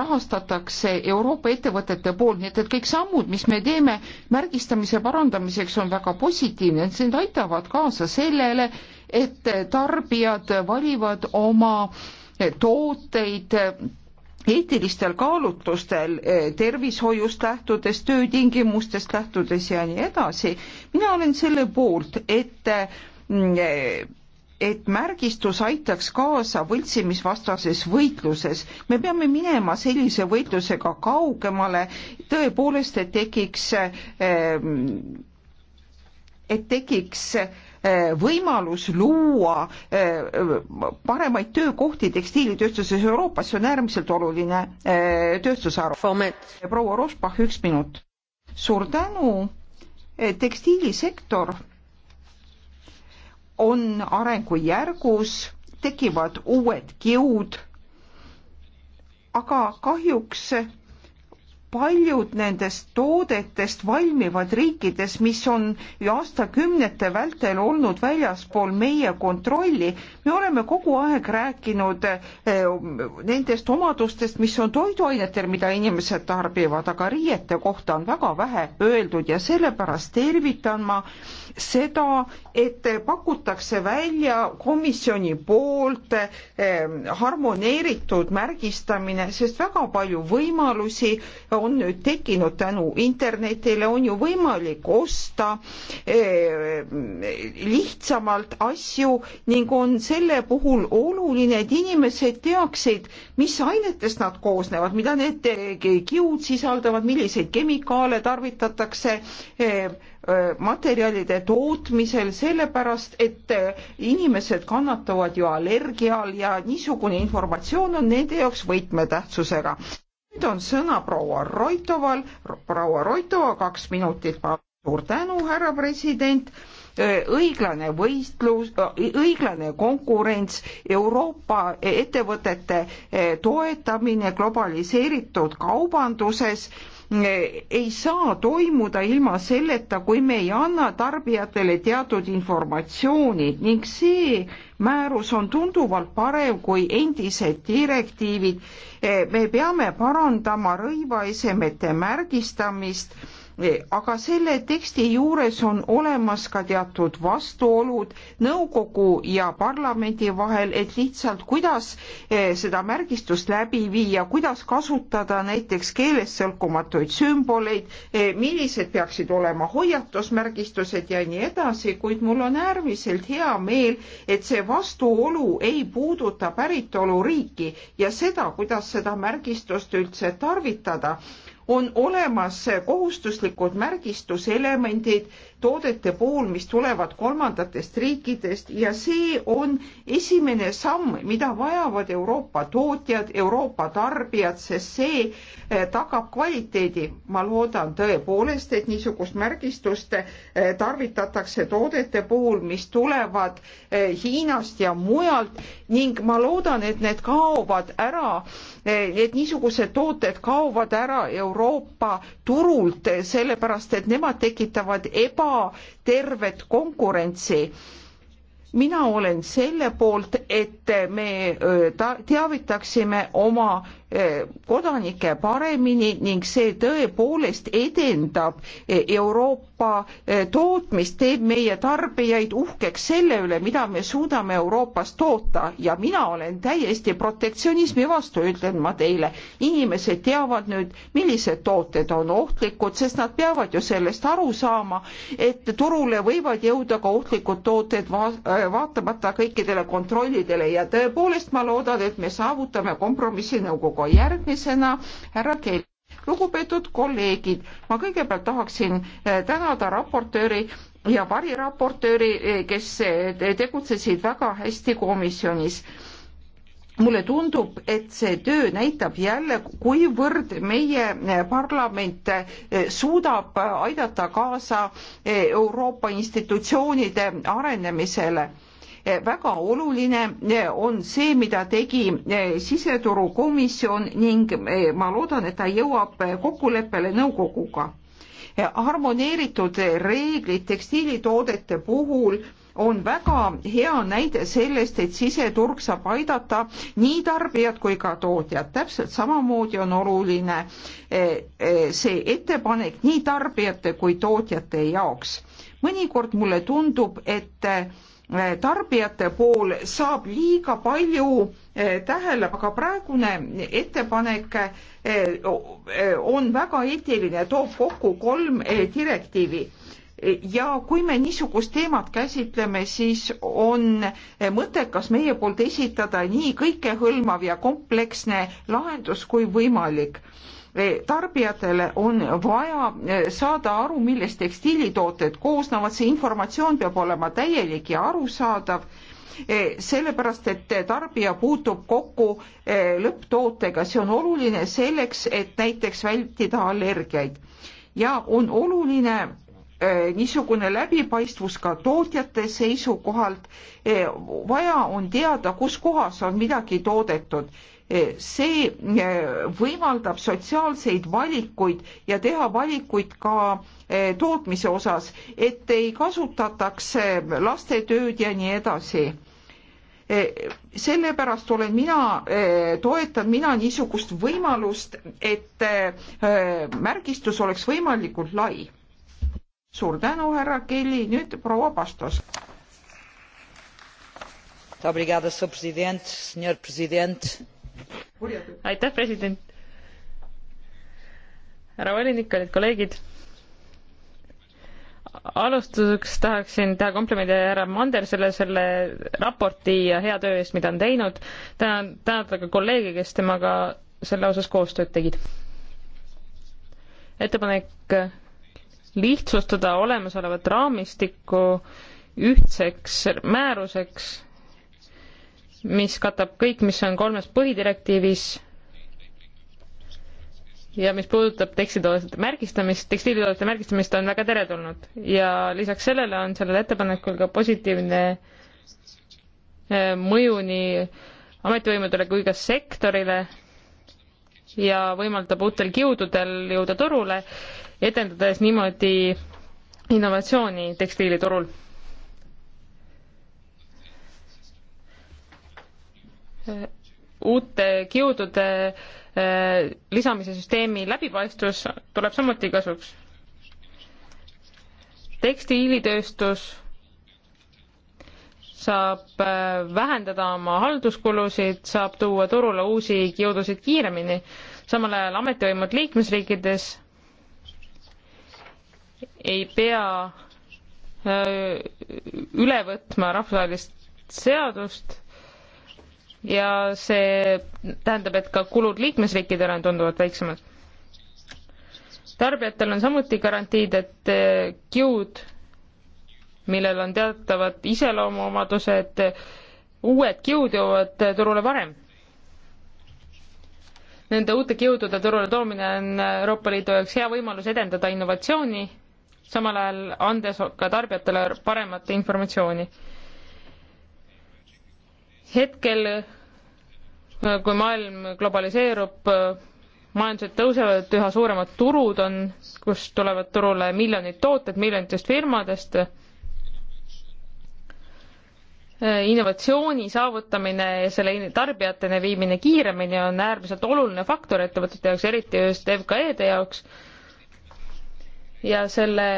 rahastatakse Euroopa ettevõtete poolt, nii et, et kõik sammud, mis me teeme märgistamise parandamiseks, on väga positiivne, need aitavad kaasa sellele, et tarbijad valivad oma tooteid eetilistel kaalutlustel, tervishoiust lähtudes, töötingimustest lähtudes ja nii edasi. mina olen selle poolt, et et märgistus aitaks kaasa võltsimisvastases võitluses. me peame minema sellise võitlusega kaugemale, tõepoolest, et tekiks, et tekiks Eh, võimalus luua eh, paremaid töökohti tekstiilitööstuses Euroopas, see on äärmiselt oluline eh, tööstusharu. proua Rosbach, üks minut. suur tänu, tekstiilisektor on arengujärgus, tekivad uued kiud, aga kahjuks paljud nendest toodetest valmivad riikides, mis on ju aastakümnete vältel olnud väljaspool meie kontrolli. me oleme kogu aeg rääkinud eh, nendest omadustest, mis on toiduainetel, mida inimesed tarbivad, aga riiete kohta on väga vähe öeldud ja sellepärast tervitan ma seda, et pakutakse välja komisjoni poolt eh, harmoneeritud märgistamine, sest väga palju võimalusi on nüüd tekkinud tänu internetile, on ju võimalik osta eh, lihtsamalt asju ning on selle puhul oluline, et inimesed teaksid, mis ainetest nad koosnevad, mida need eh, kiud sisaldavad, milliseid kemikaale tarvitatakse eh, materjalide tootmisel, sellepärast et inimesed kannatavad ju allergia all ja niisugune informatsioon on nende jaoks võtmetähtsusega nüüd on sõna proua Roitoval, proua Roitova, kaks minutit, suur tänu, härra president õiglane võistlus, õiglane konkurents, Euroopa ettevõtete toetamine globaliseeritud kaubanduses ei saa toimuda ilma selleta, kui me ei anna tarbijatele teatud informatsiooni ning see määrus on tunduvalt parem kui endised direktiivid. Eh, me peame parandama rõivaesemete märgistamist aga selle teksti juures on olemas ka teatud vastuolud nõukogu ja parlamendi vahel, et lihtsalt kuidas seda märgistust läbi viia, kuidas kasutada näiteks keelest sõlkumatuid sümboleid, millised peaksid olema hoiatusmärgistused ja nii edasi, kuid mul on äärmiselt hea meel, et see vastuolu ei puuduta päritoluriiki ja seda, kuidas seda märgistust üldse tarvitada on olemas kohustuslikud märgistuselemendid toodete puhul, mis tulevad kolmandatest riikidest ja see on esimene samm, mida vajavad Euroopa tootjad, Euroopa tarbijad, sest see eh, tagab kvaliteedi. ma loodan tõepoolest, et niisugust märgistust eh, tarvitatakse toodete puhul, mis tulevad eh, Hiinast ja mujalt ning ma loodan, et need kaovad ära, et niisugused tooted kaovad ära Euroopa turult, sellepärast et nemad tekitavad eba ka tervet konkurentsi mina olen selle poolt, et me ta-, teavitaksime oma kodanikke paremini ning see tõepoolest edendab e, Euroopa e, tootmist, teeb meie tarbijaid uhkeks selle üle, mida me suudame Euroopas toota ja mina olen täiesti protektsionismi vastu, ütlen ma teile. inimesed teavad nüüd, millised tooted on ohtlikud, sest nad peavad ju sellest aru saama, et turule võivad jõuda ka ohtlikud tooted va-, vaatamata kõikidele kontrollidele ja tõepoolest ma loodan, et me saavutame kompromissi nõukogu järgmisena härra Kelly lugupeetud kolleegid, ma kõigepealt tahaksin eh, tänada raportööri ja variraportööri, eh, kes eh, tegutsesid väga hästi komisjonis mulle tundub, et see töö näitab jälle, kuivõrd meie parlament eh, suudab aidata kaasa eh, Euroopa institutsioonide arenemisele eh, väga oluline on see, mida tegi siseturukomisjon ning ma loodan, et ta jõuab kokkuleppele nõukoguga. harmoneeritud reeglid tekstiilitoodete puhul on väga hea näide sellest, et siseturg saab aidata nii tarbijad kui ka tootjad. täpselt samamoodi on oluline eh, eh, see ettepanek nii tarbijate kui tootjate jaoks. mõnikord mulle tundub, et eh, tarbijate pool saab liiga palju tähele, aga praegune ettepanek on väga eetiline, toob kokku kolm direktiivi ja kui me niisugust teemat käsitleme, siis on mõttekas meie poolt esitada nii kõikehõlmav ja kompleksne lahendus kui võimalik e, tarbijatele on vaja e, saada aru, millest tekstiilitooted koosnevad, see informatsioon peab olema täielik ja arusaadav, e, sellepärast et tarbija puutub kokku lõpptootega, see on oluline selleks, et näiteks vältida allergiaid ja on oluline Äh, niisugune läbipaistvus ka tootjate seisukohalt. Äh, vaja on teada, kus kohas on midagi toodetud. Äh, see võimaldab sotsiaalseid valikuid ja teha valikuid ka tootmise osas, et ei kasutataks lastetööd ja nii edasi sellepärast olen mina, toetan mina niisugust võimalust, et märgistus oleks võimalikult lai suur tänu, härra Kelly, nüüd proua Pastos. aitäh, president. härra volinik, kallid kolleegid. alustuseks tahaksin teha komplimendi härra Mandersele selle raporti ja hea töö eest, mida on teinud. tänan, tänada ka kolleege, kes temaga selle osas koostööd tegid. ettepanek lihtsustada olemasolevat raamistikku ühtseks määruseks, mis katab kõik, mis on kolmes põhidirektiivis ja mis puudutab tekstitoodete märgistamist, tekstiilitoodete märgistamist on väga teretulnud ja lisaks sellele on sellel ettepanekul ka positiivne eh, mõju nii ametivõimudele kui ka sektorile ja võimaldab uutel kiududel jõuda turule edendades niimoodi innovatsiooni tekstiiliturul. uute kiudude äh, lisamise süsteemi läbipaistvus tuleb samuti kasuks. tekstiilitööstus saab äh, vähendada oma halduskulusid, saab tuua turule uusi kiudusid kiiremini, samal ajal ametivõimud liikmesriikides ei pea üle võtma rahvusvahelist seadust ja see tähendab, et ka kulud liikmesriikidele on tunduvalt väiksemad. tarbijatel on samuti garantiid, et kiud, millel on teatavad iseloomuomadused, uued kiud jõuavad turule varem. Nende uute kiudude turule toomine on Euroopa Liidu jaoks hea võimalus edendada innovatsiooni samal ajal andes ka tarbijatele paremat informatsiooni. hetkel, kui maailm globaliseerub, majandused tõusevad, üha suuremad turud on, kus tulevad turule miljonid tooted miljonitest firmadest innovatsiooni saavutamine ja selle tarbijateni viimine kiiremini on äärmiselt oluline faktor ettevõtete jaoks, eriti just FKE-de jaoks ja selle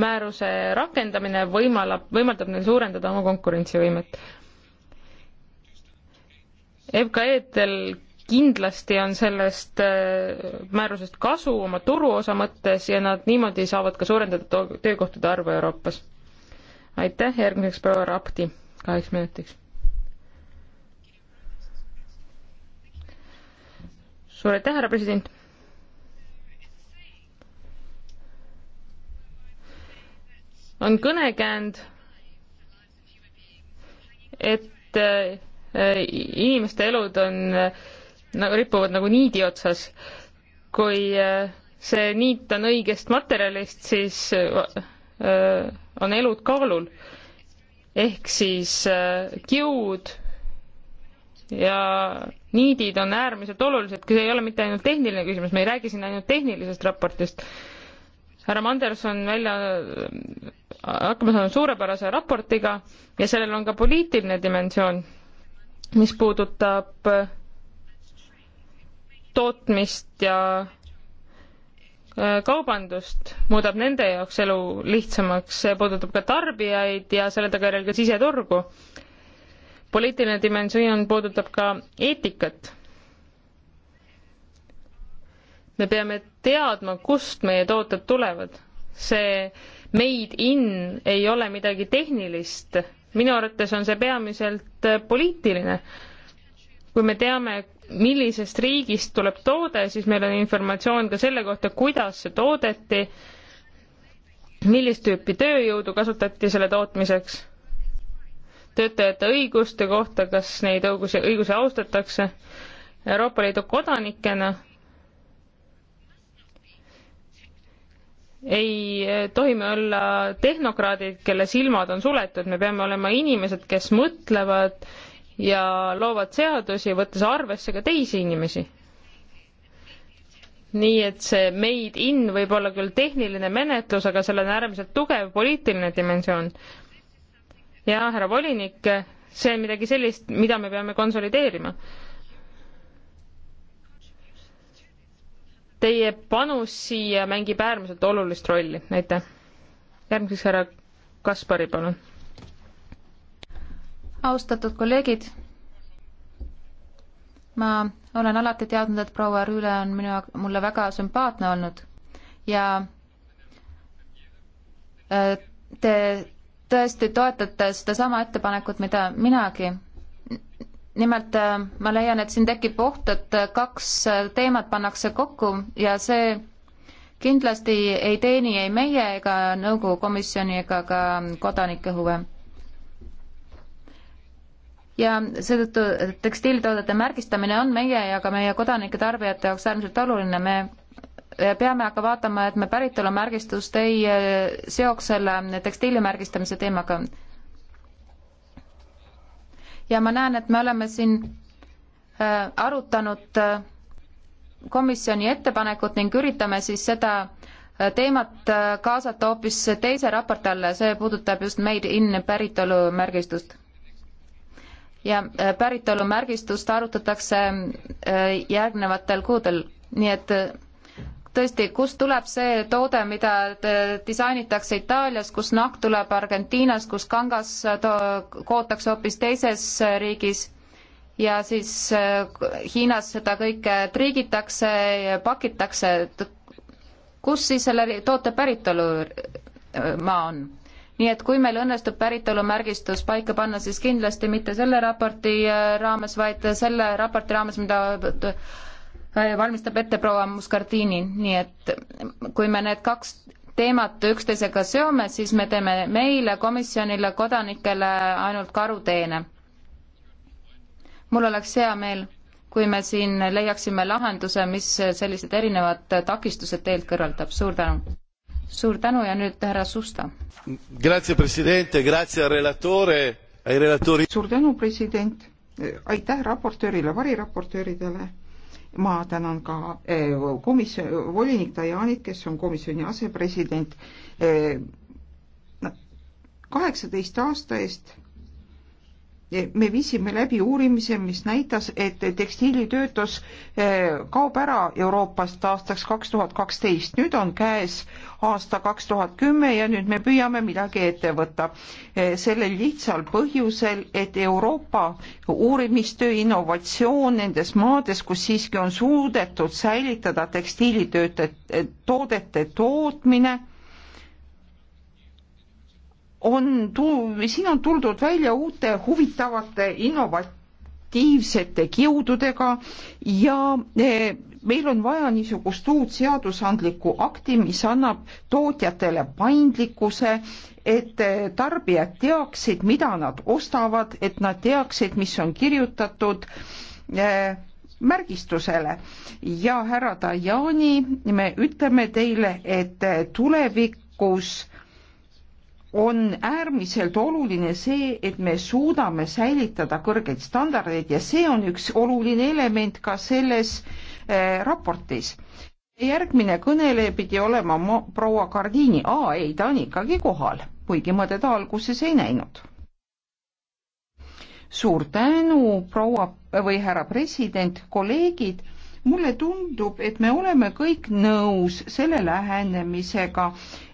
määruse rakendamine võimalab, võimaldab neil suurendada oma konkurentsivõimet. FKE-del kindlasti on sellest äh, määrusest kasu oma turuosa mõttes ja nad niimoodi saavad ka suurendada töökohtade arvu Euroopas. aitäh, järgmiseks proua Rapti kaheks minutiks. suur aitäh, härra president on kõnekäänd, et äh, inimeste elud on, äh, nagu ripuvad nagu niidi otsas. kui äh, see niit on õigest materjalist, siis on elud kaalul. ehk siis kiud ja niidid on äärmiselt olulised, see ei ole mitte ainult tehniline küsimus, me ei räägi siin ainult tehnilisest raportist. härra Manderson välja hakkama saanud suurepärase raportiga ja sellel on ka poliitiline dimensioon, mis puudutab äh, tootmist ja äh, kaubandust, muudab nende jaoks elu lihtsamaks, see puudutab ka tarbijaid ja selle tagajärjel ka siseturgu. poliitiline dimensioon puudutab ka eetikat. me peame teadma, kust meie tooted tulevad. see made in ei ole midagi tehnilist. minu arvates on see peamiselt poliitiline. kui me teame, millisest riigist tuleb toode, siis meil on informatsioon ka selle kohta, kuidas see toodeti, millist tüüpi tööjõudu kasutati selle tootmiseks, töötajate õiguste kohta, kas neid õigusi, õigusi austatakse. Euroopa Liidu kodanikena ei eh, tohi me olla tehnokraadid, kelle silmad on suletud, me peame olema inimesed, kes mõtlevad ja loovad seadusi, võttes arvesse ka teisi inimesi. nii et see made in võib olla küll tehniline menetlus, aga sellel on äärmiselt tugev poliitiline dimensioon. ja härra volinik, see on midagi sellist, mida me peame konsolideerima Teie panus siia mängib äärmiselt olulist rolli, aitäh. järgmiseks härra Kaspari, palun. austatud kolleegid, ma olen alati teadnud, et proua Rüüle on minu, mulle väga sümpaatne olnud ja äh, te tõesti toetate sedasama ettepanekut, mida minagi nimelt äh, ma leian, et siin tekib oht, et äh, kaks äh, teemat pannakse kokku ja see kindlasti ei teeni ei meie ega nõukogu komisjoni ega ka ähm, kodanike huve. ja seetõttu tekstiilitoodete märgistamine on meie ja ka meie kodanike tarbijate jaoks äärmiselt oluline, me peame aga vaatama, et me päritolumärgistust ei seoks selle tekstiili märgistamise teemaga ja ma näen, et me oleme siin äh, arutanud äh, komisjoni ettepanekut ning üritame siis seda äh, teemat kaasata hoopis teise raporti alla, see puudutab just made in päritolumärgistust. ja päritolumärgistust arutatakse järgnevatel kuudel, nii et tõesti, kust tuleb see toode, mida disainitakse Itaalias, kus nahk tuleb Argentiinas, kus kangas kootakse hoopis teises riigis ja siis eh, Hiinas seda kõike triigitakse ja pakitakse, et kus siis selle toote päritolumaa eh, on? nii et kui meil õnnestub päritolumärgistus paika panna, siis kindlasti mitte selle raporti eh, raames, vaid selle raporti raames, mida Äh, valmistab ette proua Muscardini, nii et kui me need kaks teemat üksteisega seome, siis me teeme meile, komisjonile, kodanikele ainult karuteene. mul oleks hea meel, kui me siin leiaksime lahenduse, mis sellised erinevad takistused teelt kõrvaldab, suur tänu. suur tänu ja nüüd härra Susta. suur tänu, president, aitäh raportöörile, variraportööridele ma tänan ka eh, komisjon, volinik Dajanit, kes on komisjoni asepresident. Eh, kaheksateist aasta eest Eh, me viisime läbi uurimise, mis näitas, et tekstiilitöötus eh, kaob ära Euroopast aastaks kaks tuhat kaksteist. nüüd on käes aasta kaks tuhat kümme ja nüüd me püüame midagi ette võtta. Eh, sellel lihtsal põhjusel, et Euroopa uurimistöö, innovatsioon nendes maades, kus siiski on suudetud säilitada tekstiilitöötajate toodete tootmine on tu-, siin on tuldud välja uute huvitavate innovatiivsete kiududega ja eh, meil on vaja niisugust uut seadusandlikku akti, mis annab tootjatele paindlikkuse, et eh, tarbijad teaksid, mida nad ostavad, et nad teaksid, mis on kirjutatud eh, märgistusele ja härra Dajani, me ütleme teile, et tulevikus on äärmiselt oluline see, et me suudame säilitada kõrgeid standardeid ja see on üks oluline element ka selles eh, raportis. järgmine kõneleja pidi olema proua Gardiini, aa ei, ta on ikkagi kohal, kuigi ma teda alguses ei näinud. suur tänu, proua või härra president, kolleegid mulle tundub, et me oleme kõik nõus selle lähenemisega,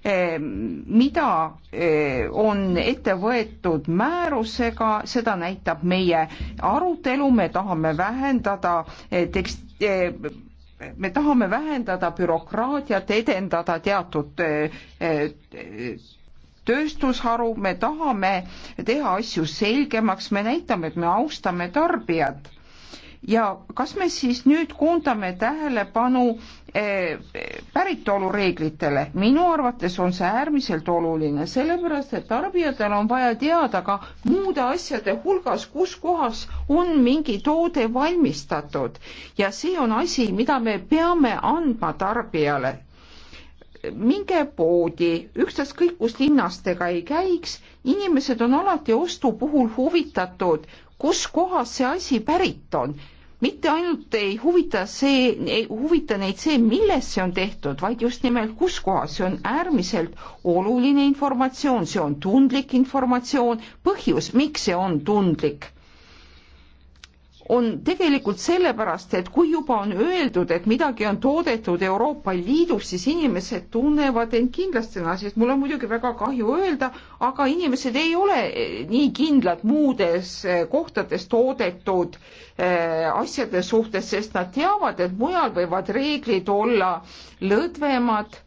Ehm, mida eh, on ette võetud määrusega, seda näitab meie arutelu, me tahame vähendada eh, tekst, eh, me tahame vähendada bürokraatiat, edendada teatud tööstusharu, me tahame teha asju selgemaks, me näitame, et me austame tarbijat ja kas me siis nüüd koondame tähelepanu Eh, päritolureeglitele. minu arvates on see äärmiselt oluline, sellepärast et tarbijatel on vaja teada ka muude asjade hulgas, kus kohas on mingi toode valmistatud ja see on asi, mida me peame andma tarbijale minge poodi, ükstaskõik kus linnas te ka ei käiks, inimesed on alati ostu puhul huvitatud, kus kohas see asi pärit on mitte ainult ei huvita see, ei huvita neid see, milles see on tehtud, vaid just nimelt kus kohas, see on äärmiselt oluline informatsioon, see on tundlik informatsioon, põhjus, miks see on tundlik on tegelikult sellepärast, et kui juba on öeldud, et midagi on toodetud Euroopa Liidus, siis inimesed tunnevad end kindlastena, sest mul on muidugi väga kahju öelda, aga inimesed ei ole eh, nii kindlad muudes eh, kohtades toodetud eh, asjade suhtes, sest nad teavad, et mujal võivad reeglid olla lõdvemad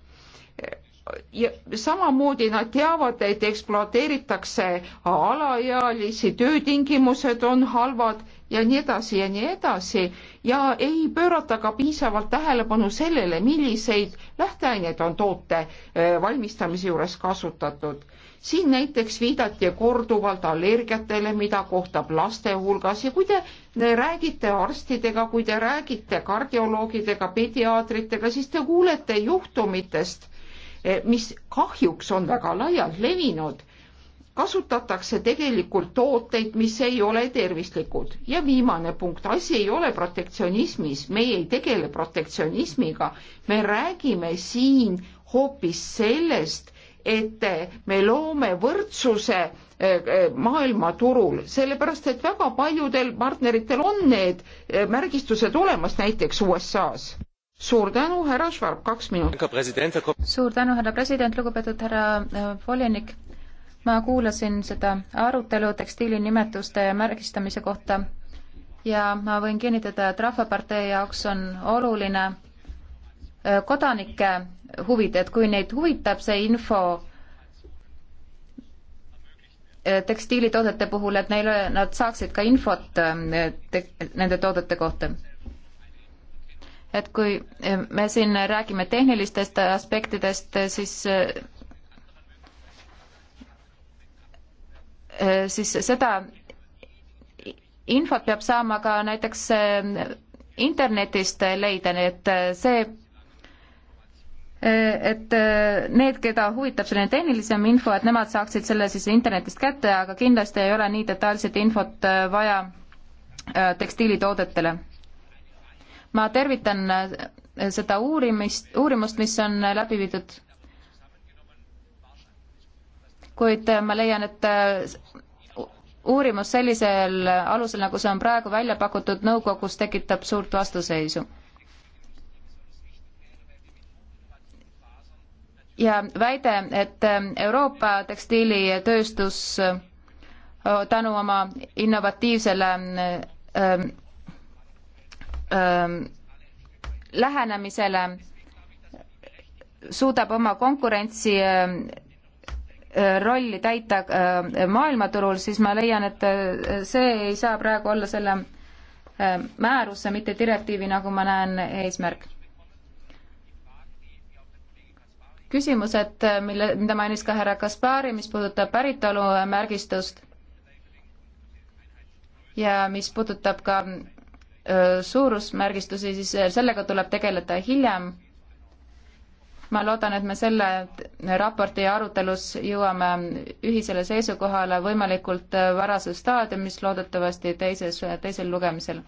ja samamoodi nad teavad, et ekspluateeritakse alaealisi, töötingimused on halvad ja nii edasi ja nii edasi ja ei pöörata ka piisavalt tähelepanu sellele, milliseid lähteaineid on toote valmistamise juures kasutatud. siin näiteks viidati korduvalt allergiatele, mida kohtab laste hulgas ja kui te räägite arstidega, kui te räägite kardioloogidega, pediaatritega, siis te kuulete juhtumitest, mis kahjuks on väga laialt levinud kasutatakse tegelikult tooteid, mis ei ole tervislikud. ja viimane punkt, asi ei ole protektsionismis, meie ei tegele protektsionismiga, me räägime siin hoopis sellest, et me loome võrdsuse eh, eh, maailmaturul, sellepärast et väga paljudel partneritel on need eh, märgistused olemas, näiteks USA-s suur tänu, härra Schwab, kaks minutit. suur tänu, härra president, lugupeetud härra äh, volinik ma kuulasin seda arutelu tekstiilinimetuste ja märgistamise kohta ja ma võin kinnitada, et Rahvapartei jaoks on oluline äh, kodanike huvid, et kui neid huvitab see info äh, tekstiilitoodete puhul, et neil, nad saaksid ka infot äh, te, nende toodete kohta. et kui me siin räägime tehnilistest aspektidest, siis Äh, siis seda infot peab saama ka näiteks äh, internetist leida, nii et äh, see, et need, keda huvitab selline tehnilisem info, et nemad saaksid selle siis internetist kätte, aga kindlasti ei ole nii detailset infot vaja tekstiilitoodetele. ma tervitan seda uurimist, uurimust, mis on läbi viidud kuid äh, ma leian, et äh, uurimus sellisel alusel, nagu see on praegu välja pakutud nõukogus, tekitab suurt vastuseisu. ja väide, et äh, Euroopa tekstiilitööstus tänu oma innovatiivsele ähm, ähm, lähenemisele suudab oma konkurentsi Äh, rolli täita äh, maailmaturul, siis ma leian, et äh, see ei saa praegu olla selle määruse, mitte direktiivi, nagu ma näen, eesmärk. küsimused, mille, mida mainis ka härra Kaspari, mis puudutab päritolumärgistust ja mis puudutab ka suurusmärgistusi, siis sellega tuleb tegeleda hiljem ma loodan, et me selle raporti arutelus jõuame ühisele seisukohale võimalikult varases staadiumis, loodetavasti teises, teisel lugemisel.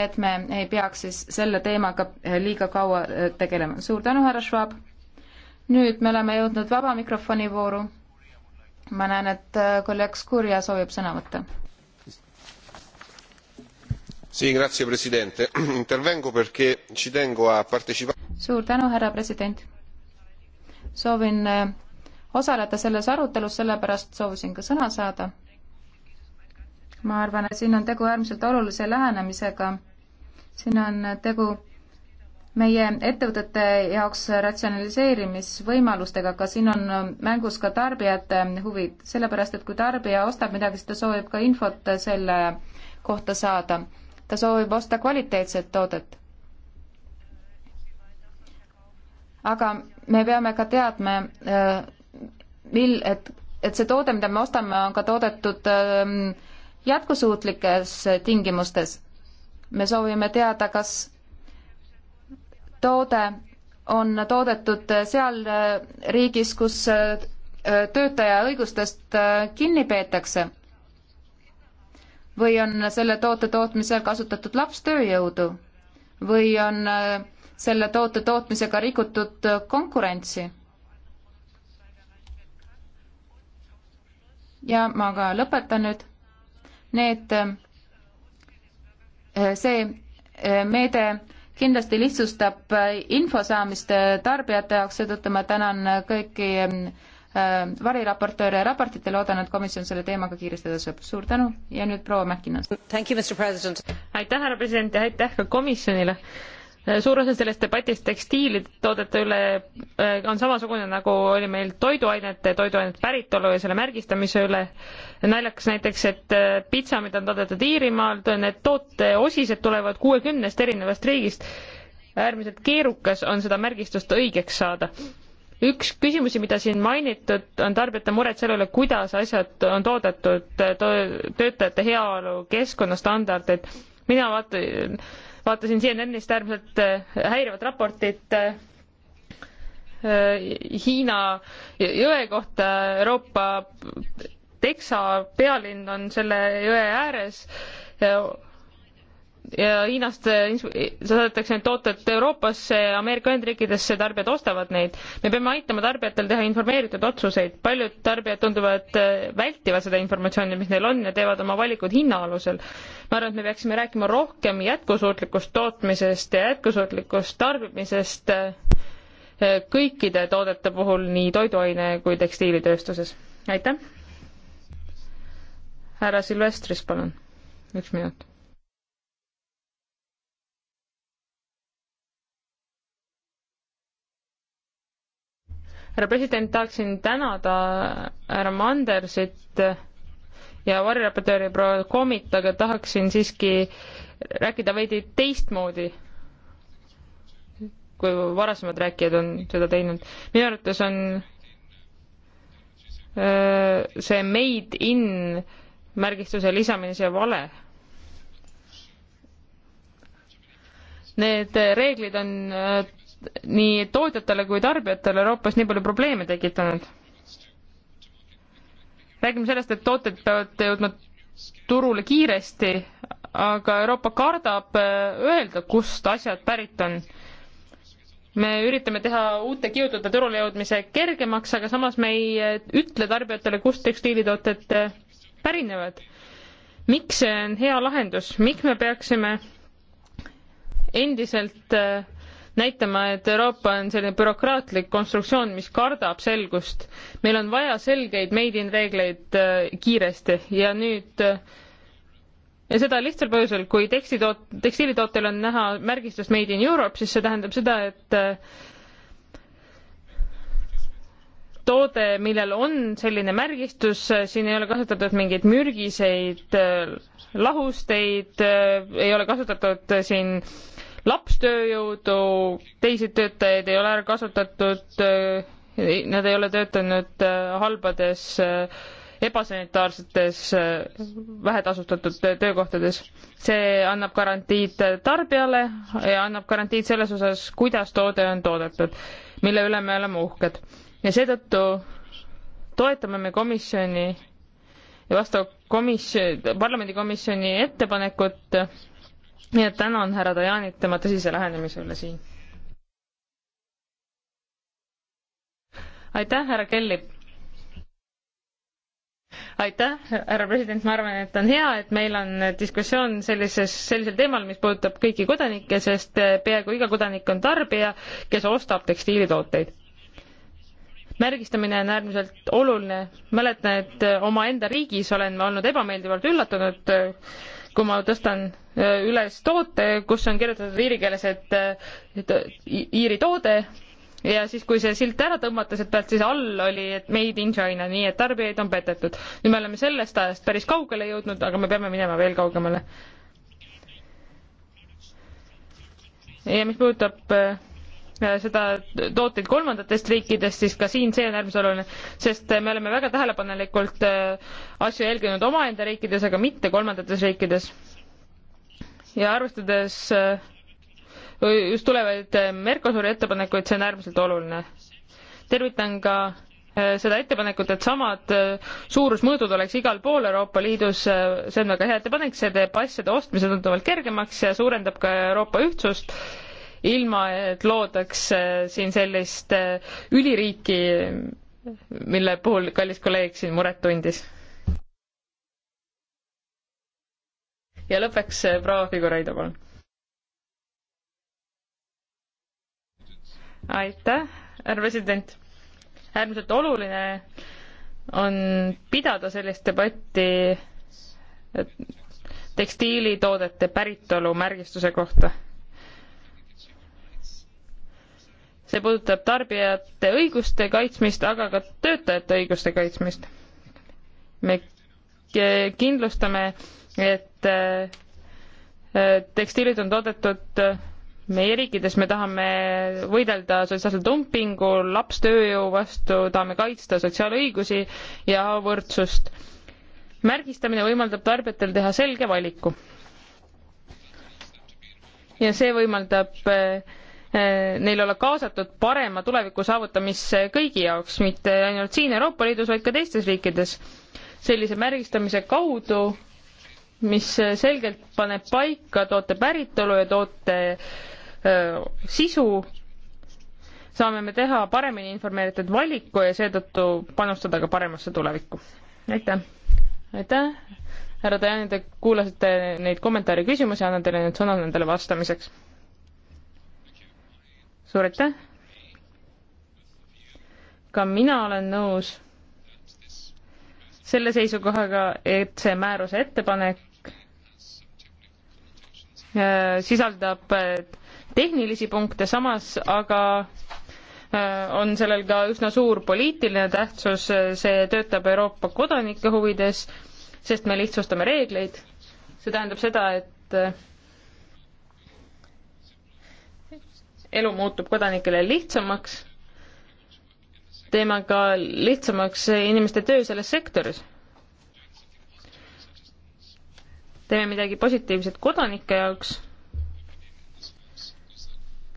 et me ei peaks siis selle teemaga liiga kaua tegelema. suur tänu, härra Schwab! nüüd me oleme jõudnud vaba mikrofoni vooru. ma näen, et kolleeg Skurja soovib sõna võtta signor presidente intervengo perché ci tengo a partecipare. suur tänu härra president soovin eh, osaleda selles arutelus sellepärast soovisin ka sõna saada ma arvan et siin on tegu äärmiselt olulise lähenemisega siin on tegu meie ettevõtete jaoks ratsionaliseerimisvõimalustega, aga siin on mängus ka tarbijate huvid, sellepärast et kui tarbija ostab midagi, siis ta soovib ka infot selle kohta saada ta soovib osta kvaliteetset toodet. aga me peame ka teadma, äh, mil, et, et see toode, mida me ostame, on ka toodetud ähm, jätkusuutlikes tingimustes. me soovime teada, kas toode on toodetud seal äh, riigis, kus äh, töötaja õigustest kinni peetakse või on selle toote tootmisel kasutatud lapstööjõudu või on äh, selle toote tootmisega rikutud äh, konkurentsi. ja ma ka lõpetan nüüd. Need, äh, see meede kindlasti lihtsustab info saamist tarbijate jaoks, seetõttu ma tänan kõiki Äh, variraportööre ja raportite, loodan, et komisjon selle teemaga kiiresti tõuseb. suur tänu ja nüüd proua Mäkkinas. aitäh, härra president ja aitäh ka komisjonile äh, suur osa sellest debatist tekstiilitoodete üle äh, on samasugune, nagu oli meil toiduainete, toiduainete päritolu ja selle märgistamise üle. naljakas näiteks, et pitsa, mida on toodetud Iirimaal, need tooteosised tulevad kuuekümnest erinevast riigist. äärmiselt keerukas on seda märgistust õigeks saada üks küsimusi, mida siin mainitud, on tarbijate mured selle üle, kuidas asjad on toodetud, töötajate heaolu, keskkonnastandardid. mina vaatan, vaatasin CNN-ist äärmiselt häirivat raportit Hiina jõe kohta Euroopa Teksa pealinn on selle jõe ääres ja Hiinast eh, saadetakse need tooted Euroopasse ja Ameerika Ühendriikidesse, tarbijad ostavad neid. me peame aitama tarbijatel teha informeeritud otsuseid, paljud tarbijad tunduvad eh, vältivad seda informatsiooni, mis neil on ja teevad oma valikud hinna alusel. ma arvan, et me peaksime rääkima rohkem jätkusuutlikust tootmisest ja jätkusuutlikust tarbimisest eh, kõikide toodete puhul, nii toiduaine kui tekstiilitööstuses. aitäh! härra Silvestris, palun, üks minut härra president, tahaksin tänada härra Mandersit ja variraportööri proua Komit, aga tahaksin siiski rääkida veidi teistmoodi, kui varasemad rääkijad on seda teinud. minu arvates on see made in märgistuse lisamine siia vale. Need reeglid on nii tootjatele kui tarbijatele Euroopas nii palju probleeme tekitanud. räägime sellest, et tooted peavad jõudma turule kiiresti, aga Euroopa kardab äh, öelda, kust asjad pärit on. me üritame teha uute kiudude turule jõudmise kergemaks, aga samas me ei äh, ütle tarbijatele, kust tekstiilitooted äh, pärinevad. miks see on hea lahendus, miks me peaksime endiselt äh, näitama, et Euroopa on selline bürokraatlik konstruktsioon, mis kardab selgust. meil on vaja selgeid made-in reegleid äh, kiiresti ja nüüd äh, ja seda lihtsal põhjusel, kui tekstitoot-, tekstiilitootel on näha märgistust Made in Europe, siis see tähendab seda, et äh, toode, millel on selline märgistus, siin ei ole kasutatud mingeid mürgiseid lahusteid, ei ole kasutatud siin äh, lapstööjõudu, teisi töötajaid ei ole ära kasutatud, äh, nad ei ole töötanud äh, halbades äh, ebasanitaarsetes vähetasustatud töökohtades. see annab garantiid tarbijale ja annab garantiid selles osas, kuidas toode on toodetud, mille üle me oleme uhked. ja seetõttu toetame me komisjoni ja vastav komisjon, parlamendikomisjoni ettepanekut nii et tänan härra Dajanit tema tõsise lähenemise üle siin. aitäh, härra Kelly. aitäh, härra president, ma arvan, et on hea, et meil on diskussioon sellises, sellisel teemal, mis puudutab kõiki kodanikke, sest peaaegu iga kodanik on tarbija, kes ostab tekstiilitooteid märgistamine on äärmiselt oluline. mäletan, et omaenda riigis olen ma olnud ebameeldivalt üllatunud, kui ma tõstan Äh, üles toote, kus on kirjutatud iiri keeles, et äh, äh, Iiri toode ja siis, kui see silt ära tõmmata sealt pealt, siis all oli, et made in China, nii et tarbijaid on petetud. nüüd me oleme sellest ajast päris kaugele jõudnud, aga me peame minema veel kaugemale. ja mis puudutab seda tooteid kolmandatest riikidest, siis ka siin see on äärmiselt oluline, sest me oleme väga tähelepanelikult asju jälginud omaenda riikides, aga mitte kolmandates riikides ja arvestades äh, just tulevaid äh, Mercosuri ettepanekuid, see on äärmiselt oluline. tervitan ka äh, seda ettepanekut, et samad suurusmõõdud oleks igal pool Euroopa Liidus, see on väga hea ettepanek, see teeb asjade ostmise tunduvalt kergemaks ja suurendab ka Euroopa ühtsust, ilma et loodaks siin sellist üliriiki, mille puhul kallis kolleeg siin muret tundis ja lõppeks äh, proua Figureido, palun. aitäh, härra president. äärmiselt oluline on pidada sellist debatti tekstiilitoodete päritolu märgistuse kohta see puudutab tarbijate õiguste kaitsmist, aga ka töötajate õiguste kaitsmist. me kindlustame, et et äh, äh, tekstiilid on toodetud äh, meie riikides, me tahame võidelda sotsiaalse dumpingu, lapstööjõu vastu, tahame kaitsta sotsiaalõigusi ja võrdsust. märgistamine võimaldab tarbijatel teha selge valiku. ja see võimaldab neil olla kaasatud parema tuleviku saavutamisse kõigi jaoks, mitte ainult siin Euroopa Liidus, vaid ka teistes riikides. sellise märgistamise kaudu mis selgelt paneb paika toote päritolu ja toote öö, sisu, saame me teha paremini informeeritud valiku ja seetõttu panustada ka paremasse tulevikku. aitäh! aitäh, härra Dajani, te kuulasite neid kommentaare ja küsimusi, annan teile nüüd sõna nendele vastamiseks. suur aitäh! ka mina olen nõus selle seisukohaga, et see määruse ettepanek Äh, sisaldab äh, tehnilisi punkte, samas aga äh, on sellel ka üsna suur poliitiline tähtsus, see töötab Euroopa kodanike huvides, sest me lihtsustame reegleid. see tähendab seda, et elu muutub kodanikele lihtsamaks, teeme ka lihtsamaks inimeste töö selles sektoris teeme midagi positiivset kodanike jaoks.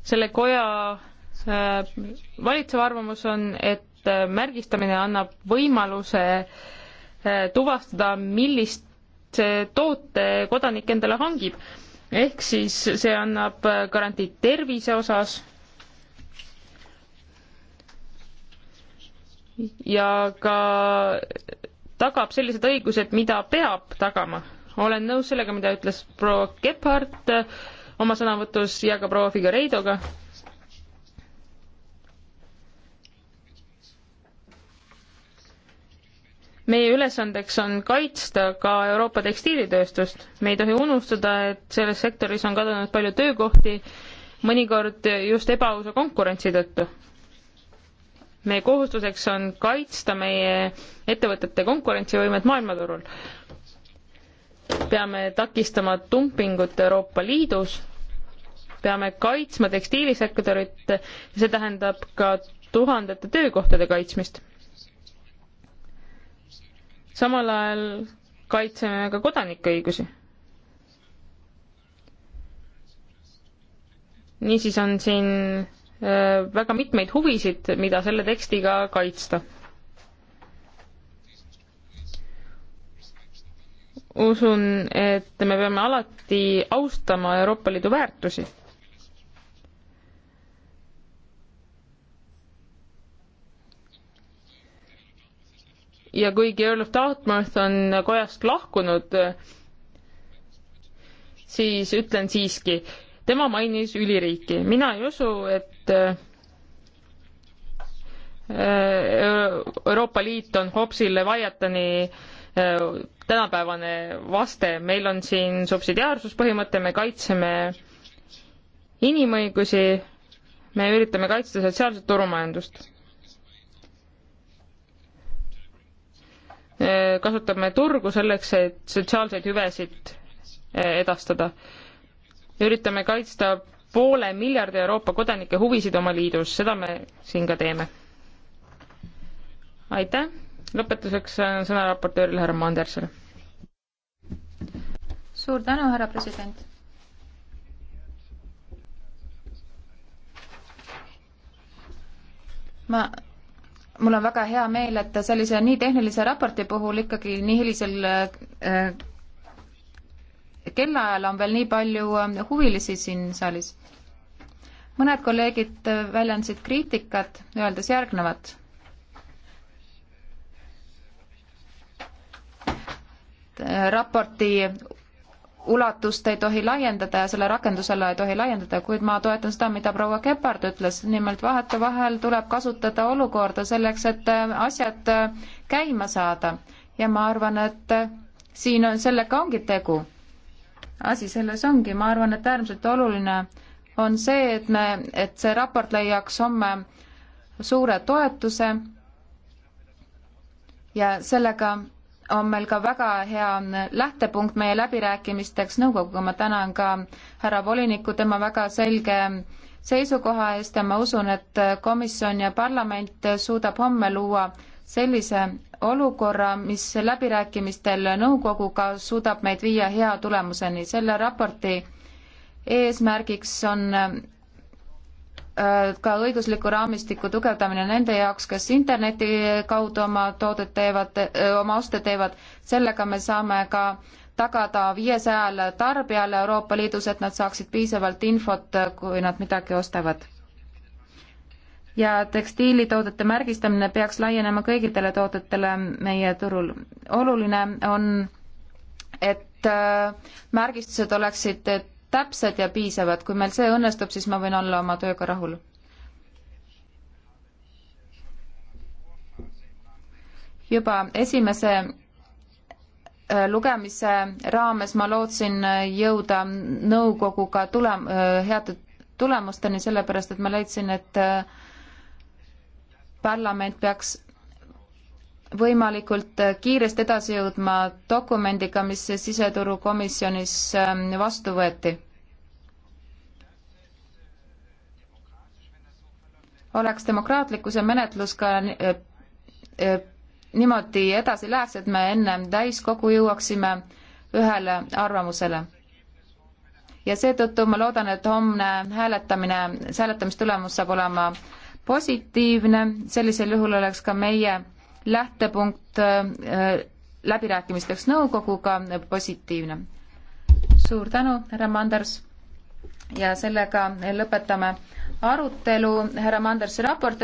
selle koja äh, valitsev arvamus on, et äh, märgistamine annab võimaluse äh, tuvastada, millist toote kodanik endale hangib. ehk siis see annab garantiid tervise osas ja ka tagab sellised õigused, mida peab tagama olen nõus sellega, mida ütles proua Gebhardt äh, oma sõnavõtus ja ka proua Figueiredoga. meie ülesandeks on kaitsta ka Euroopa tekstiilitööstust. me ei tohi unustada, et selles sektoris on kadunud palju töökohti, mõnikord just ebaausa konkurentsi tõttu. meie kohustuseks on kaitsta meie ettevõtete konkurentsivõimet maailmaturul peame takistama dumpingut Euroopa Liidus, peame kaitsma tekstiilisektorit ja see tähendab ka tuhandete töökohtade kaitsmist. samal ajal kaitseme ka kodanike õigusi. niisiis on siin äh, väga mitmeid huvisid, mida selle tekstiga kaitsta usun, et me peame alati austama Euroopa Liidu väärtusi. ja kuigi Earl of Dartmouth on kojast lahkunud, siis ütlen siiski, tema mainis üliriiki, mina ei usu, et äh, Euroopa Liit on Hobbesile Vaiatani äh, Äh, tänapäevane vaste, meil on siin subsidiaarsuspõhimõte, me kaitseme inimõigusi, me üritame kaitsta sotsiaalset turumajandust. Äh, kasutame turgu selleks, et sotsiaalseid hüvesid äh, edastada. üritame kaitsta poole miljardi Euroopa kodanike huvisid oma liidus, seda me siin ka teeme. aitäh! lõpetuseks äh, sõna raportöörile härra Mandersele. suur tänu, härra president. ma, mul on väga hea meel, et sellise nii tehnilise raporti puhul ikkagi nii hilisel äh, kellaajal on veel nii palju äh, huvilisi siin saalis. mõned kolleegid äh, väljendasid kriitikat, öeldes järgnevat raporti ulatust ei tohi laiendada ja selle rakendusala ei tohi laiendada, kuid ma toetan seda, mida proua Kepard ütles, nimelt vahetevahel tuleb kasutada olukorda selleks, et asjad käima saada ja ma arvan, et siin on, sellega ongi tegu. asi selles ongi, ma arvan, et äärmiselt oluline on see, et me, et see raport leiaks homme suure toetuse ja sellega on meil ka väga hea lähtepunkt meie läbirääkimisteks nõukoguga, ma tänan ka härra volinikku tema väga selge seisukoha eest ja ma usun, et komisjon ja parlament suudab homme luua sellise olukorra, mis läbirääkimistel nõukoguga suudab meid viia hea tulemuseni. selle raporti eesmärgiks on Äh, ka õigusliku raamistiku tugevdamine nende jaoks, kes interneti kaudu oma toodet teevad, äh, oma oste teevad, sellega me saame ka tagada viiesajale tarbijale Euroopa Liidus, et nad saaksid piisavalt infot, äh, kui nad midagi ostavad. ja tekstiilitoodete märgistamine peaks laienema kõigitele toodetele meie turul. oluline on, et märgistused oleksid täpsed ja piisavad. kui meil see õnnestub, siis ma võin olla oma tööga rahul. juba esimese äh, lugemise raames ma lootsin äh, jõuda nõukoguga tule-, äh, heade tulemusteni, sellepärast et ma leidsin, et parlament peaks võimalikult kiiresti edasi jõudma dokumendiga, mis siseturukomisjonis ähm, vastu võeti. oleks demokraatlikkuse menetlus ka äh, äh, niimoodi edasi läheks, et me enne täiskogu jõuaksime ühele arvamusele. ja seetõttu ma loodan, et homne hääletamine, see hääletamistulemus saab olema positiivne, sellisel juhul oleks ka meie lähtepunkt äh, läbirääkimisteks nõukoguga positiivne. suur tänu, härra Manders ja sellega lõpetame arutelu härra Mandersi raporti